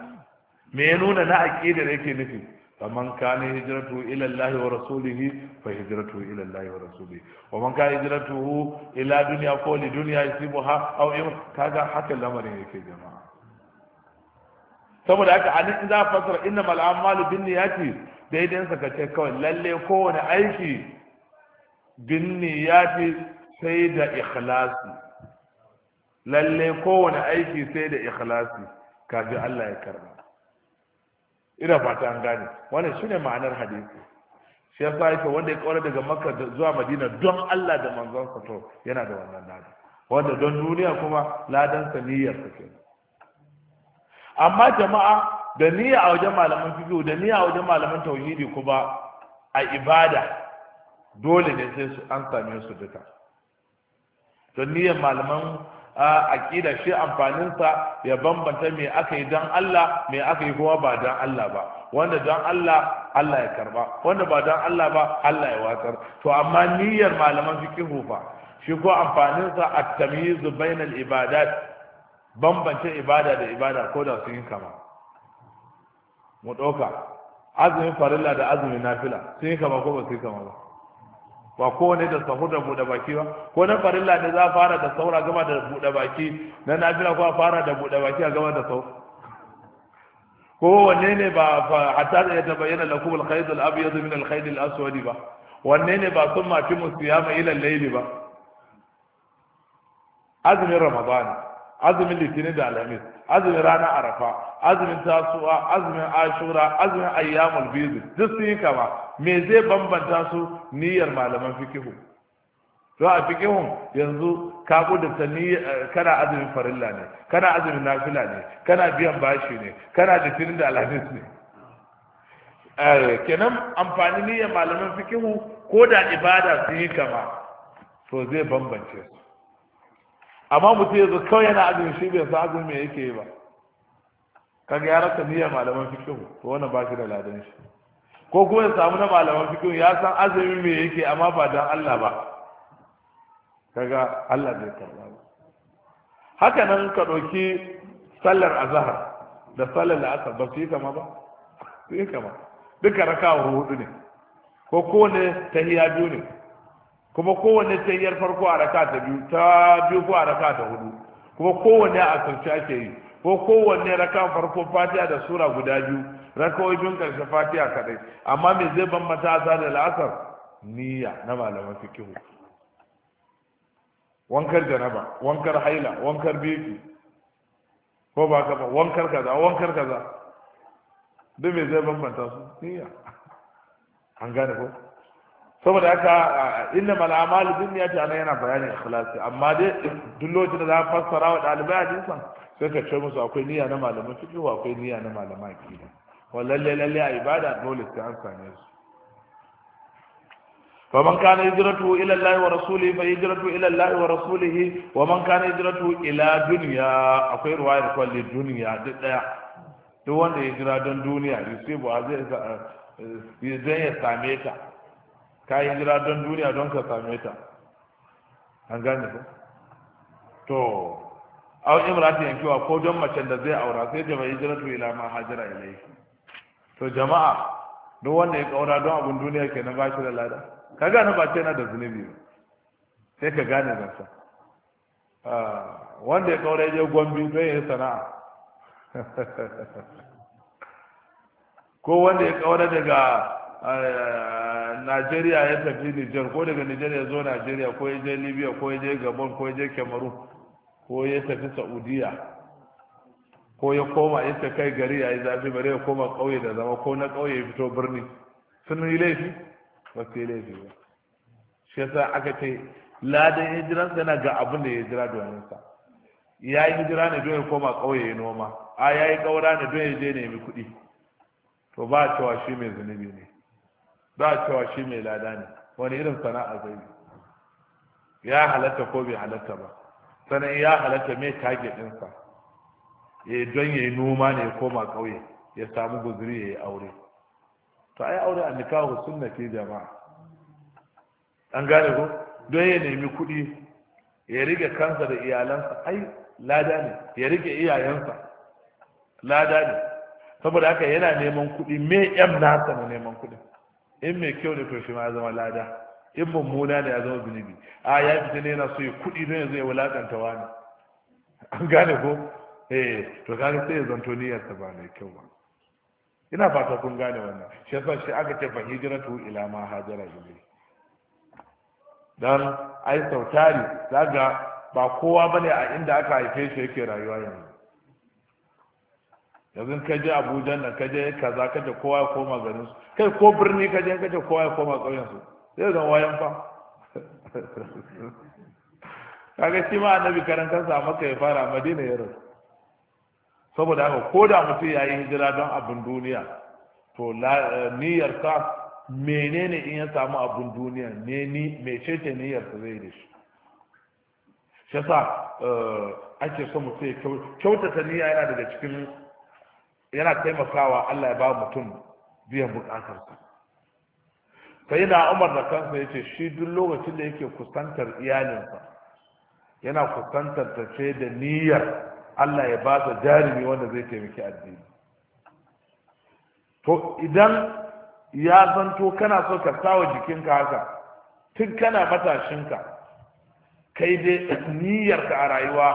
me ya nuna na aqida da yake nufi faman kana hijratu ila Allah wa rasulih fa hijratu ila Allah wa rasulih wa man kana hijratuhu ila dunya ko li dunya yasibuha aw yum kaga haka lamarin yake jama'a saboda haka an in za fasara innamal a'malu binniyati daidai sa kace kawai lalle kowane aiki binni ya fi sai da ikhlasi lalle kowane aiki sai da ikhlasi kafin Allah ya karba ina fata an gane wannan shine ma'anar hadisi shi yasa yake wanda ya kaura daga makka zuwa madina don Allah da manzon sa to yana da wannan ladan wanda don duniya kuma ladan sa niyyar sa ke amma jama'a da niyya a wajen malaman fiqh da niyya a wajen malaman tauhidi kuma a ibada dole ne sai su an same su duka don niyyar malaman a aƙida shi amfaninsa ya bambanta me aka yi don Allah me aka yi kuma ba don Allah ba wanda don Allah Allah ya karba wanda ba don Allah ba Allah ya watsar to amma niyyar malaman fikihu fa shi ko amfaninsa at-tamyizu bainal ibadat bambance ibada da ibada ko da sun yi kama mu ɗauka azumin farilla da azumin nafila sun yi kama ko ba su yi kama ba ba kowane da sahu da buɗe baki ba ko na farilla ne za a fara da saura gama da buɗe baki na nafila ko a fara da buɗe baki a gama da sau ko wanne ne ba hatta ya tabayyana lakum al-khayt al-abyad min al-khayt al-aswad ba wanne ne ba sun mafi musiyama ila al-layl ba azumin ramadan azumin litinin da alhamis azumin Rana arafa azumin tasuwa azumin ashura azumin ayyamul bid duk sun yi kama me zai bambanta su niyyar malaman fikihu to a fikihun yanzu ka kudurta ni eh, kana azumin farilla ne kana azumin nafila ne kana biyan bashi ne kana da litinin da alhamis ne eh, kenan amfani niyyar malaman fikihu ko da ibada sun yi kama to zai bambance su amma mutum yanzu kawai yana azumin shi bai san azumin me yake yi ba kaga ya rasa niyyar malaman fikihu to wannan ba shi da ladan shi ko kuma ya samu na malaman fikin ya san azumi me yake amma ba dan Allah ba kaga Allah bai karba ba haka nan ka ɗauki sallar azhar da sallar la'asar ba su yi kama ba su yi kama duka rakawa hudu ne ko kowane tahiya biyu ne kuma kowane tahiyar farko a raka ta biyu ta biyu ko a raka ta hudu kuma kowane a asirce ake yi ko kowanne raka farko fatiha da sura guda biyu rakawai biyun karshe fatiha kadai amma me zai bambanta a da la'asar niyya na malaman fikihu wankar janaba wankar haila wankar beki ko ba ka ba wankar kaza wankar kaza duk me zai bambanta su niyya an gane ko saboda haka inna mal amal dunya ta ana yana bayanin ikhlasi amma dai duk lokacin da za fassara wa dalibai hadisan sai ka ce musu akwai niyya na malaman fiqh akwai niyya na malaman aqida wa lalle lalle a ibada dole sai an same su فمن كان هجرته الى الله ورسوله فهجرته الى الله ورسوله ومن كان هجرته ila دنيا akwai ruwayar kwalli duniya duk daya duk wanda ya jira don duniya yusufu zai eh, eh, zai ya same ta ka yi jira don duniya don ka same ta an gane ko to aw imratin yankewa ko don macen da zai aura sai da mai hijratu ila ma hajara ilayhi to jama'a duk wanda ya kaura don abin duniya ke nan bashi da lada ka gane ba ce na da zunubi ba sai ka gane zansa ah, wanda ya kaura ya gombi don ya sana'a [laughs] ko wanda ya kaura daga eh, Najeriya ya tafi Nijar ko daga Nijar ya zo Najeriya ko ya je Libya ko ya je Gabon ko ya je Cameroon ko ya tafi Saudiya ko ya koma yadda kai gari ya yi zafi bare ya koma ƙauye da zama ko na ƙauye ya fito birni sun yi laifi ba su yi laifi ba shi yasa aka ce ladan hijiran yana ga abin da ya hijira domin sa ya yi hijira ne don ya koma ƙauye ya noma a ya yi ƙaura ne don ya je nemi kuɗi to ba a cewa shi mai zunubi ne ba a cewa shi mai lada ne wani irin sana'a zai yi ya halatta ko bai halatta ba sanan ya halatta mai tage ɗinsa Eh, don ya yi noma ne ya koma ƙauye ya samu guzuri ya yi aure to yi aure a nikahu sunna ke jama'a an gane ko don ya nemi kuɗi ya rike kansa da iyalansa ai lada ne ya rike iyayensa lada ne saboda haka yana neman kuɗi me yam nasa na neman kuɗi in mai kyau ne to shi ma ya zama lada in mummuna ne ya zama zunubi a ya fita ne yana so ya kuɗi don ya zai wulaƙanta wani an gane ko eh to kaga sai ya zanto niyyar ta ba mai kyau ba ina fata kun gane wannan shi yasa shi aka ce fa hijratu ila ma hajara ilai dan ai sautari daga ba kowa bane a inda aka haife shi yake rayuwa yanzu yanzu ka je abuja nan ka je kaza ka je kowa ya koma garin su kai ko birni ka je ka je kowa ya koma ƙauyen su sai zan wayan fa [laughs] kaga shi ma annabi karan kansa maka ya fara madina ya rasu saboda haka ko da mutum ya yi hijira don abin duniya to eh, niyyarsa menene in ya samu abin duniya ne ni mecece niyyarsa zai da shi shi yasa eh, ake so mutum ya kyautata niyya yana daga cikin yana taimakawa Allah ya ba mutum biyan bukatarsa sai na umar da kansa ya ce shi duk lokacin da yake kusantar iyalinsa yana kusantar tafe da niyyar Allah ya ba ta jarumi wanda zai taimaki addini to idan ya zanto kana so ka sawa jikinka haka tun kana matashinka kai dai ka a rayuwa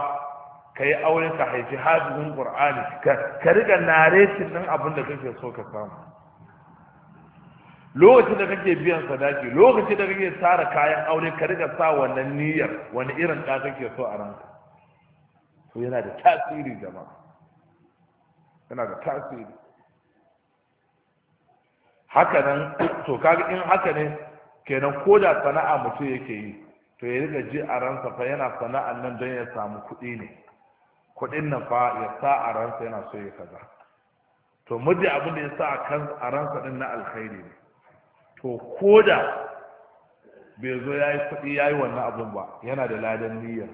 ka yi aure ka haifi hajjin qur'ani ka riga naretin ɗin abin da kake so ka samu lokacin da kake biyan sadaki lokacin da kake tsara kayan aure ka riga sa wannan niyyar wani irin ka kake so a ranka ko yana da tasiri jama'a yana da tasiri haka nan [coughs] to kaga in haka ne kenan ko da sana'a mutum yake yi to ya riga ji a ransa fa yana sana'an nan don ya samu kuɗi ne kuɗin nan fa ya sa a ransa yana so ya kaza to muddi abin da ya sa a ransa din na alkhairi ne to ko da bai zo ya yi kuɗi ya yi wannan abin ba yana da ladan niyyar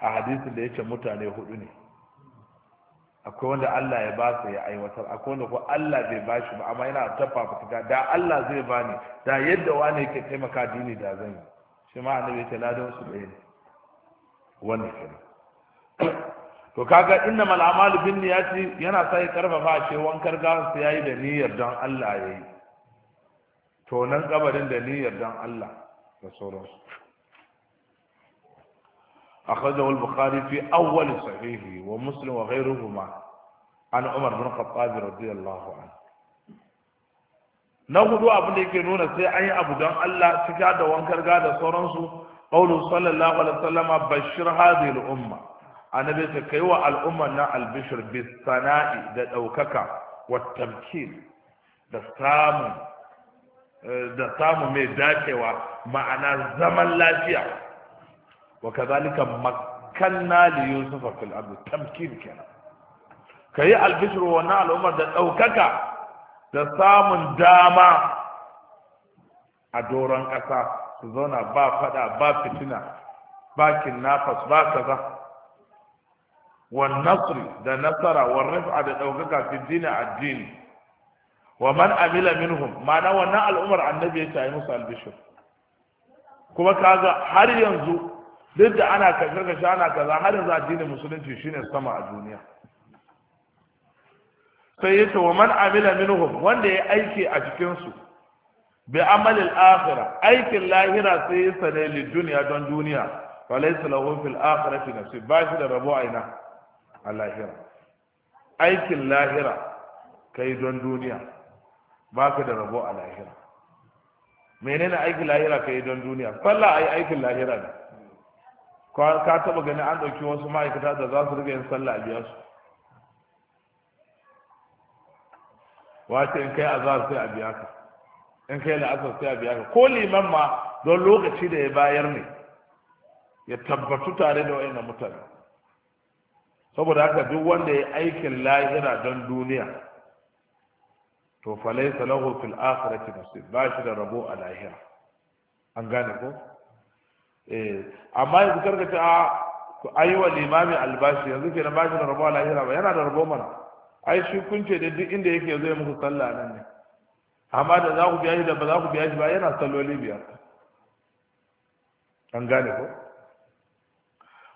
a hadisin da ya ce mutane hudu ne akwai wanda Allah ya ba su ya aiwatar akwai wanda ko Allah bai ba shi ba amma yana tafa fitaka da Allah zai ba ni da yadda wani yake taimaka dini da zan yi shi ma annabi yake don su ɗaya ne wannan kenan to kaga inna mal amalu bin niyati yana sai karfafa ce wankar su yayi da niyyar don Allah yayi to nan kabarin da niyyar don Allah da sauransu أخرجه البخاري في أول صحيحه ومسلم وغيرهما عن عمر بن الخطاب رضي الله عنه na hudu abin da yake nuna sai an yi abu don Allah cika da wankar ga da sauransu qawlu sallallahu alaihi wasallama bashir hadhihi al-umma annabi ta kai wa al'umma na albishir bis sana'i da daukaka wa tamkin da samun da samu mai dacewa ma'ana zaman lafiya wa kadhalika makkanna li yusuf fil ard tamkin kenan kai albishru wa na al'ummar da ɗaukaka da samun dama a doron ƙasa su zauna ba fada ba fitina ba kinnafas ba kaza والنصر ده نصر والرفع ده دوكاكا في الدين الدين ومن عمل منهم ما نوى نا الأمر عن النبي يتعي موسى البشر Kuma kaga har yanzu duk da ana kashe-kashe ana kaza har yanzu addinin musulunci shine sama a duniya sai ya ce wa man amila minhum wanda ya aiki a cikin su bi amal al-akhira aikin lahira sai ya sane li duniya don duniya fa laysa lahu fil akhirati nasib ba shi da rabo aina a lahira aikin lahira kai don duniya ba ka da rabo a lahira menene aikin lahira kai don duniya sallah ai aikin lahira ne ka taba gani an ɗauki wasu ma'aikata da za su riga yin sallah a biya su wace in kai azhar sai a biya ka in kai la'asar sai a biya ka ko liman ma don lokaci da ya bayar ne ya tabbatu tare da na mutane saboda haka duk wanda ya aikin lahira don duniya to falai salahu fil akhirati nasib ba shi da rabo a lahira an gane ko Eh, amma yanzu karka ce a ah, ayi wa limami albashi yanzu ke na bashi da rabo lahira ba yana da rabo mana ai shi kun ce da duk inda yake zai ya muku sallah nan ne amma da za ku biya shi da ba za ku biya shi ba yana salloli biyar an gane ko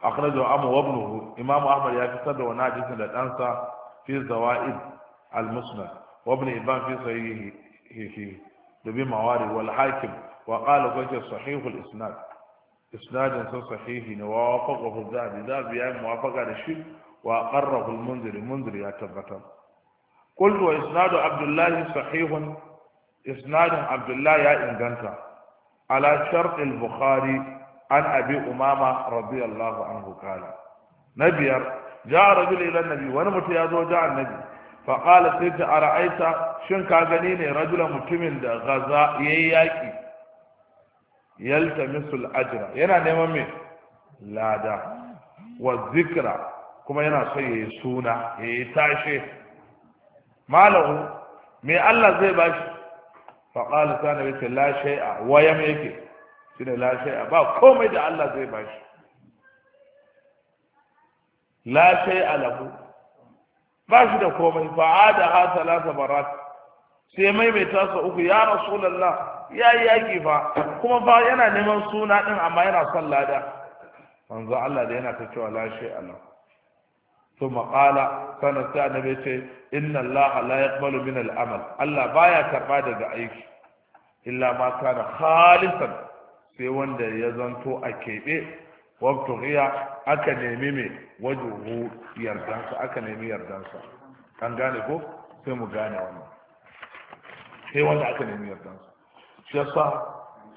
akhrajahu amu wa ibnuhu imamu ahmad ya fitar da wani hadisi da ɗansa fi zawaid al musna wa ibn ibn fi sahihi da bi mawari wal hakim wa qala kuntu sahihul isnad isnadin sa sahihi ne wa wafaqahu zabi zabi ya muwafaqa da shi wa qarrahu al-munziri ya tabbatar qultu wa isnadu abdullah sahihun isnadin abdullah ya inganta ala shart al-bukhari an abi umama radiyallahu anhu kana nabiyar جاء رجل mutu النبي zo متي anabi. جاء النبي فقال سيت ارايت شن كا غني ne rajulan mutumin da gaza yayi yaƙi. Yalta misul ajra yana neman me lada wa zikra kuma yana so yayi suna yayi tashe malahu me Allah zai bashi fa qala sanabi la shay'a wa wayan yake shine la shay'a ba komai da Allah zai bashi la shay'a lahu ba shi da komai fa ada ha salasa barat sai maimaita sa uku ya rasulullah ya yi yaki fa kuma fa yana neman suna din amma yana son lada manzo Allah da yana ta cewa la shay Allah thumma qala kana sai annabi ce inna Allah la yaqbalu min al-amal Allah baya karba daga aiki illa ma kana khalisan sai wanda ya zanto a keɓe wato riya aka nemi mai wajuhu yardansa aka nemi yardansa an gane ko sai mu gane wannan sai wanda aka nemi yardansa shi yasa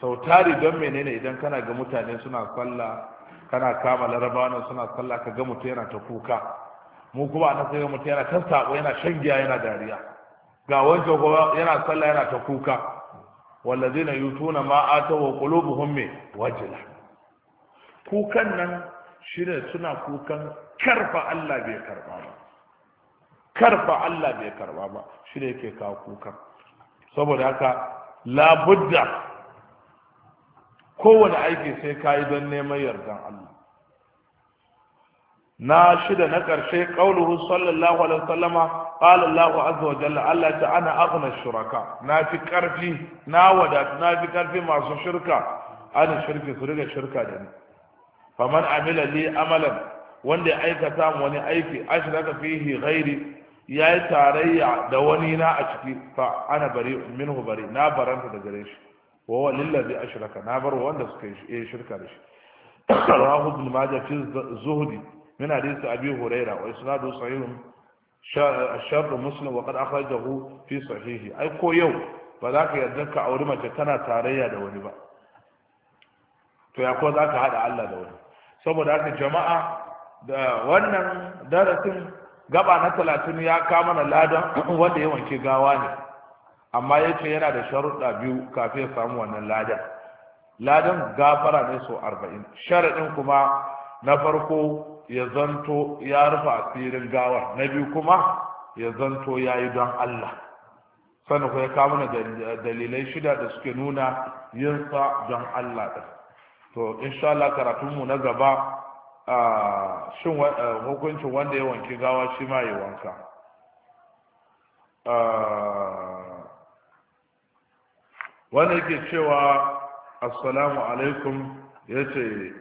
sau tari don menene idan kana ga mutane suna sallah kana kama larabawa suna sallah ka ga mutum yana ta kuka mu kuma a nasarar mutum yana ta sako yana shan giya yana dariya ga wancan kuma yana sallah yana ta kuka na yutu na ma wa qulubuhum me wajila kukan nan shi ne suna kukan karfa Allah bai karba ba karfa Allah bai karba ba shi ne yake kawo kukan saboda haka labudda kowane aiki sai ka yi don neman yardan Allah na shida na ƙarshe ƙauluhu sallallahu alaihi wasallama qala Allahu azza wa jalla Allah ta ana aghna shuraka na fi ƙarfi na wada na fi ƙarfi masu shirka ana shirki su riga shirka da ni faman amila li amalan wanda ya aikata wani aiki ashraka fihi ghairi ya yi tarayya da wani na a ciki fa ana bari hu bari na baranta da gare shi wa huwa lillazi ashraka na bar wanda suka yi eh, shirka da shi rawahu ibn majah fi zuhdi min hadith abi huraira wa isnadu sahih shar muslim wa qad akhrajahu fi sahihi ai ko yau ba za ka yarda ka auri mace tana tarayya da wani ba to ya ko za ka hada Allah da wani saboda haka jama'a da wannan darasin gaba na talatin ya kama na ladan [laughs] wanda ya wanke gawa ne amma ya ce yana da sharuɗa biyu kafin ya samu wannan ladan ladan gafara ne sau arba'in sharaɗin kuma na farko ya zanto ya rufe asirin gawa, na biyu kuma ya zanto ya yi don Allah sannan kuma ya kama mana dalilai shida da suke nuna yin sa don Allah ɗin to insha Allah karatunmu na gaba shin hukuncin wanda ya wanke gawa shi ma ya wanka wanda yake cewa assalamu alaikum ya ce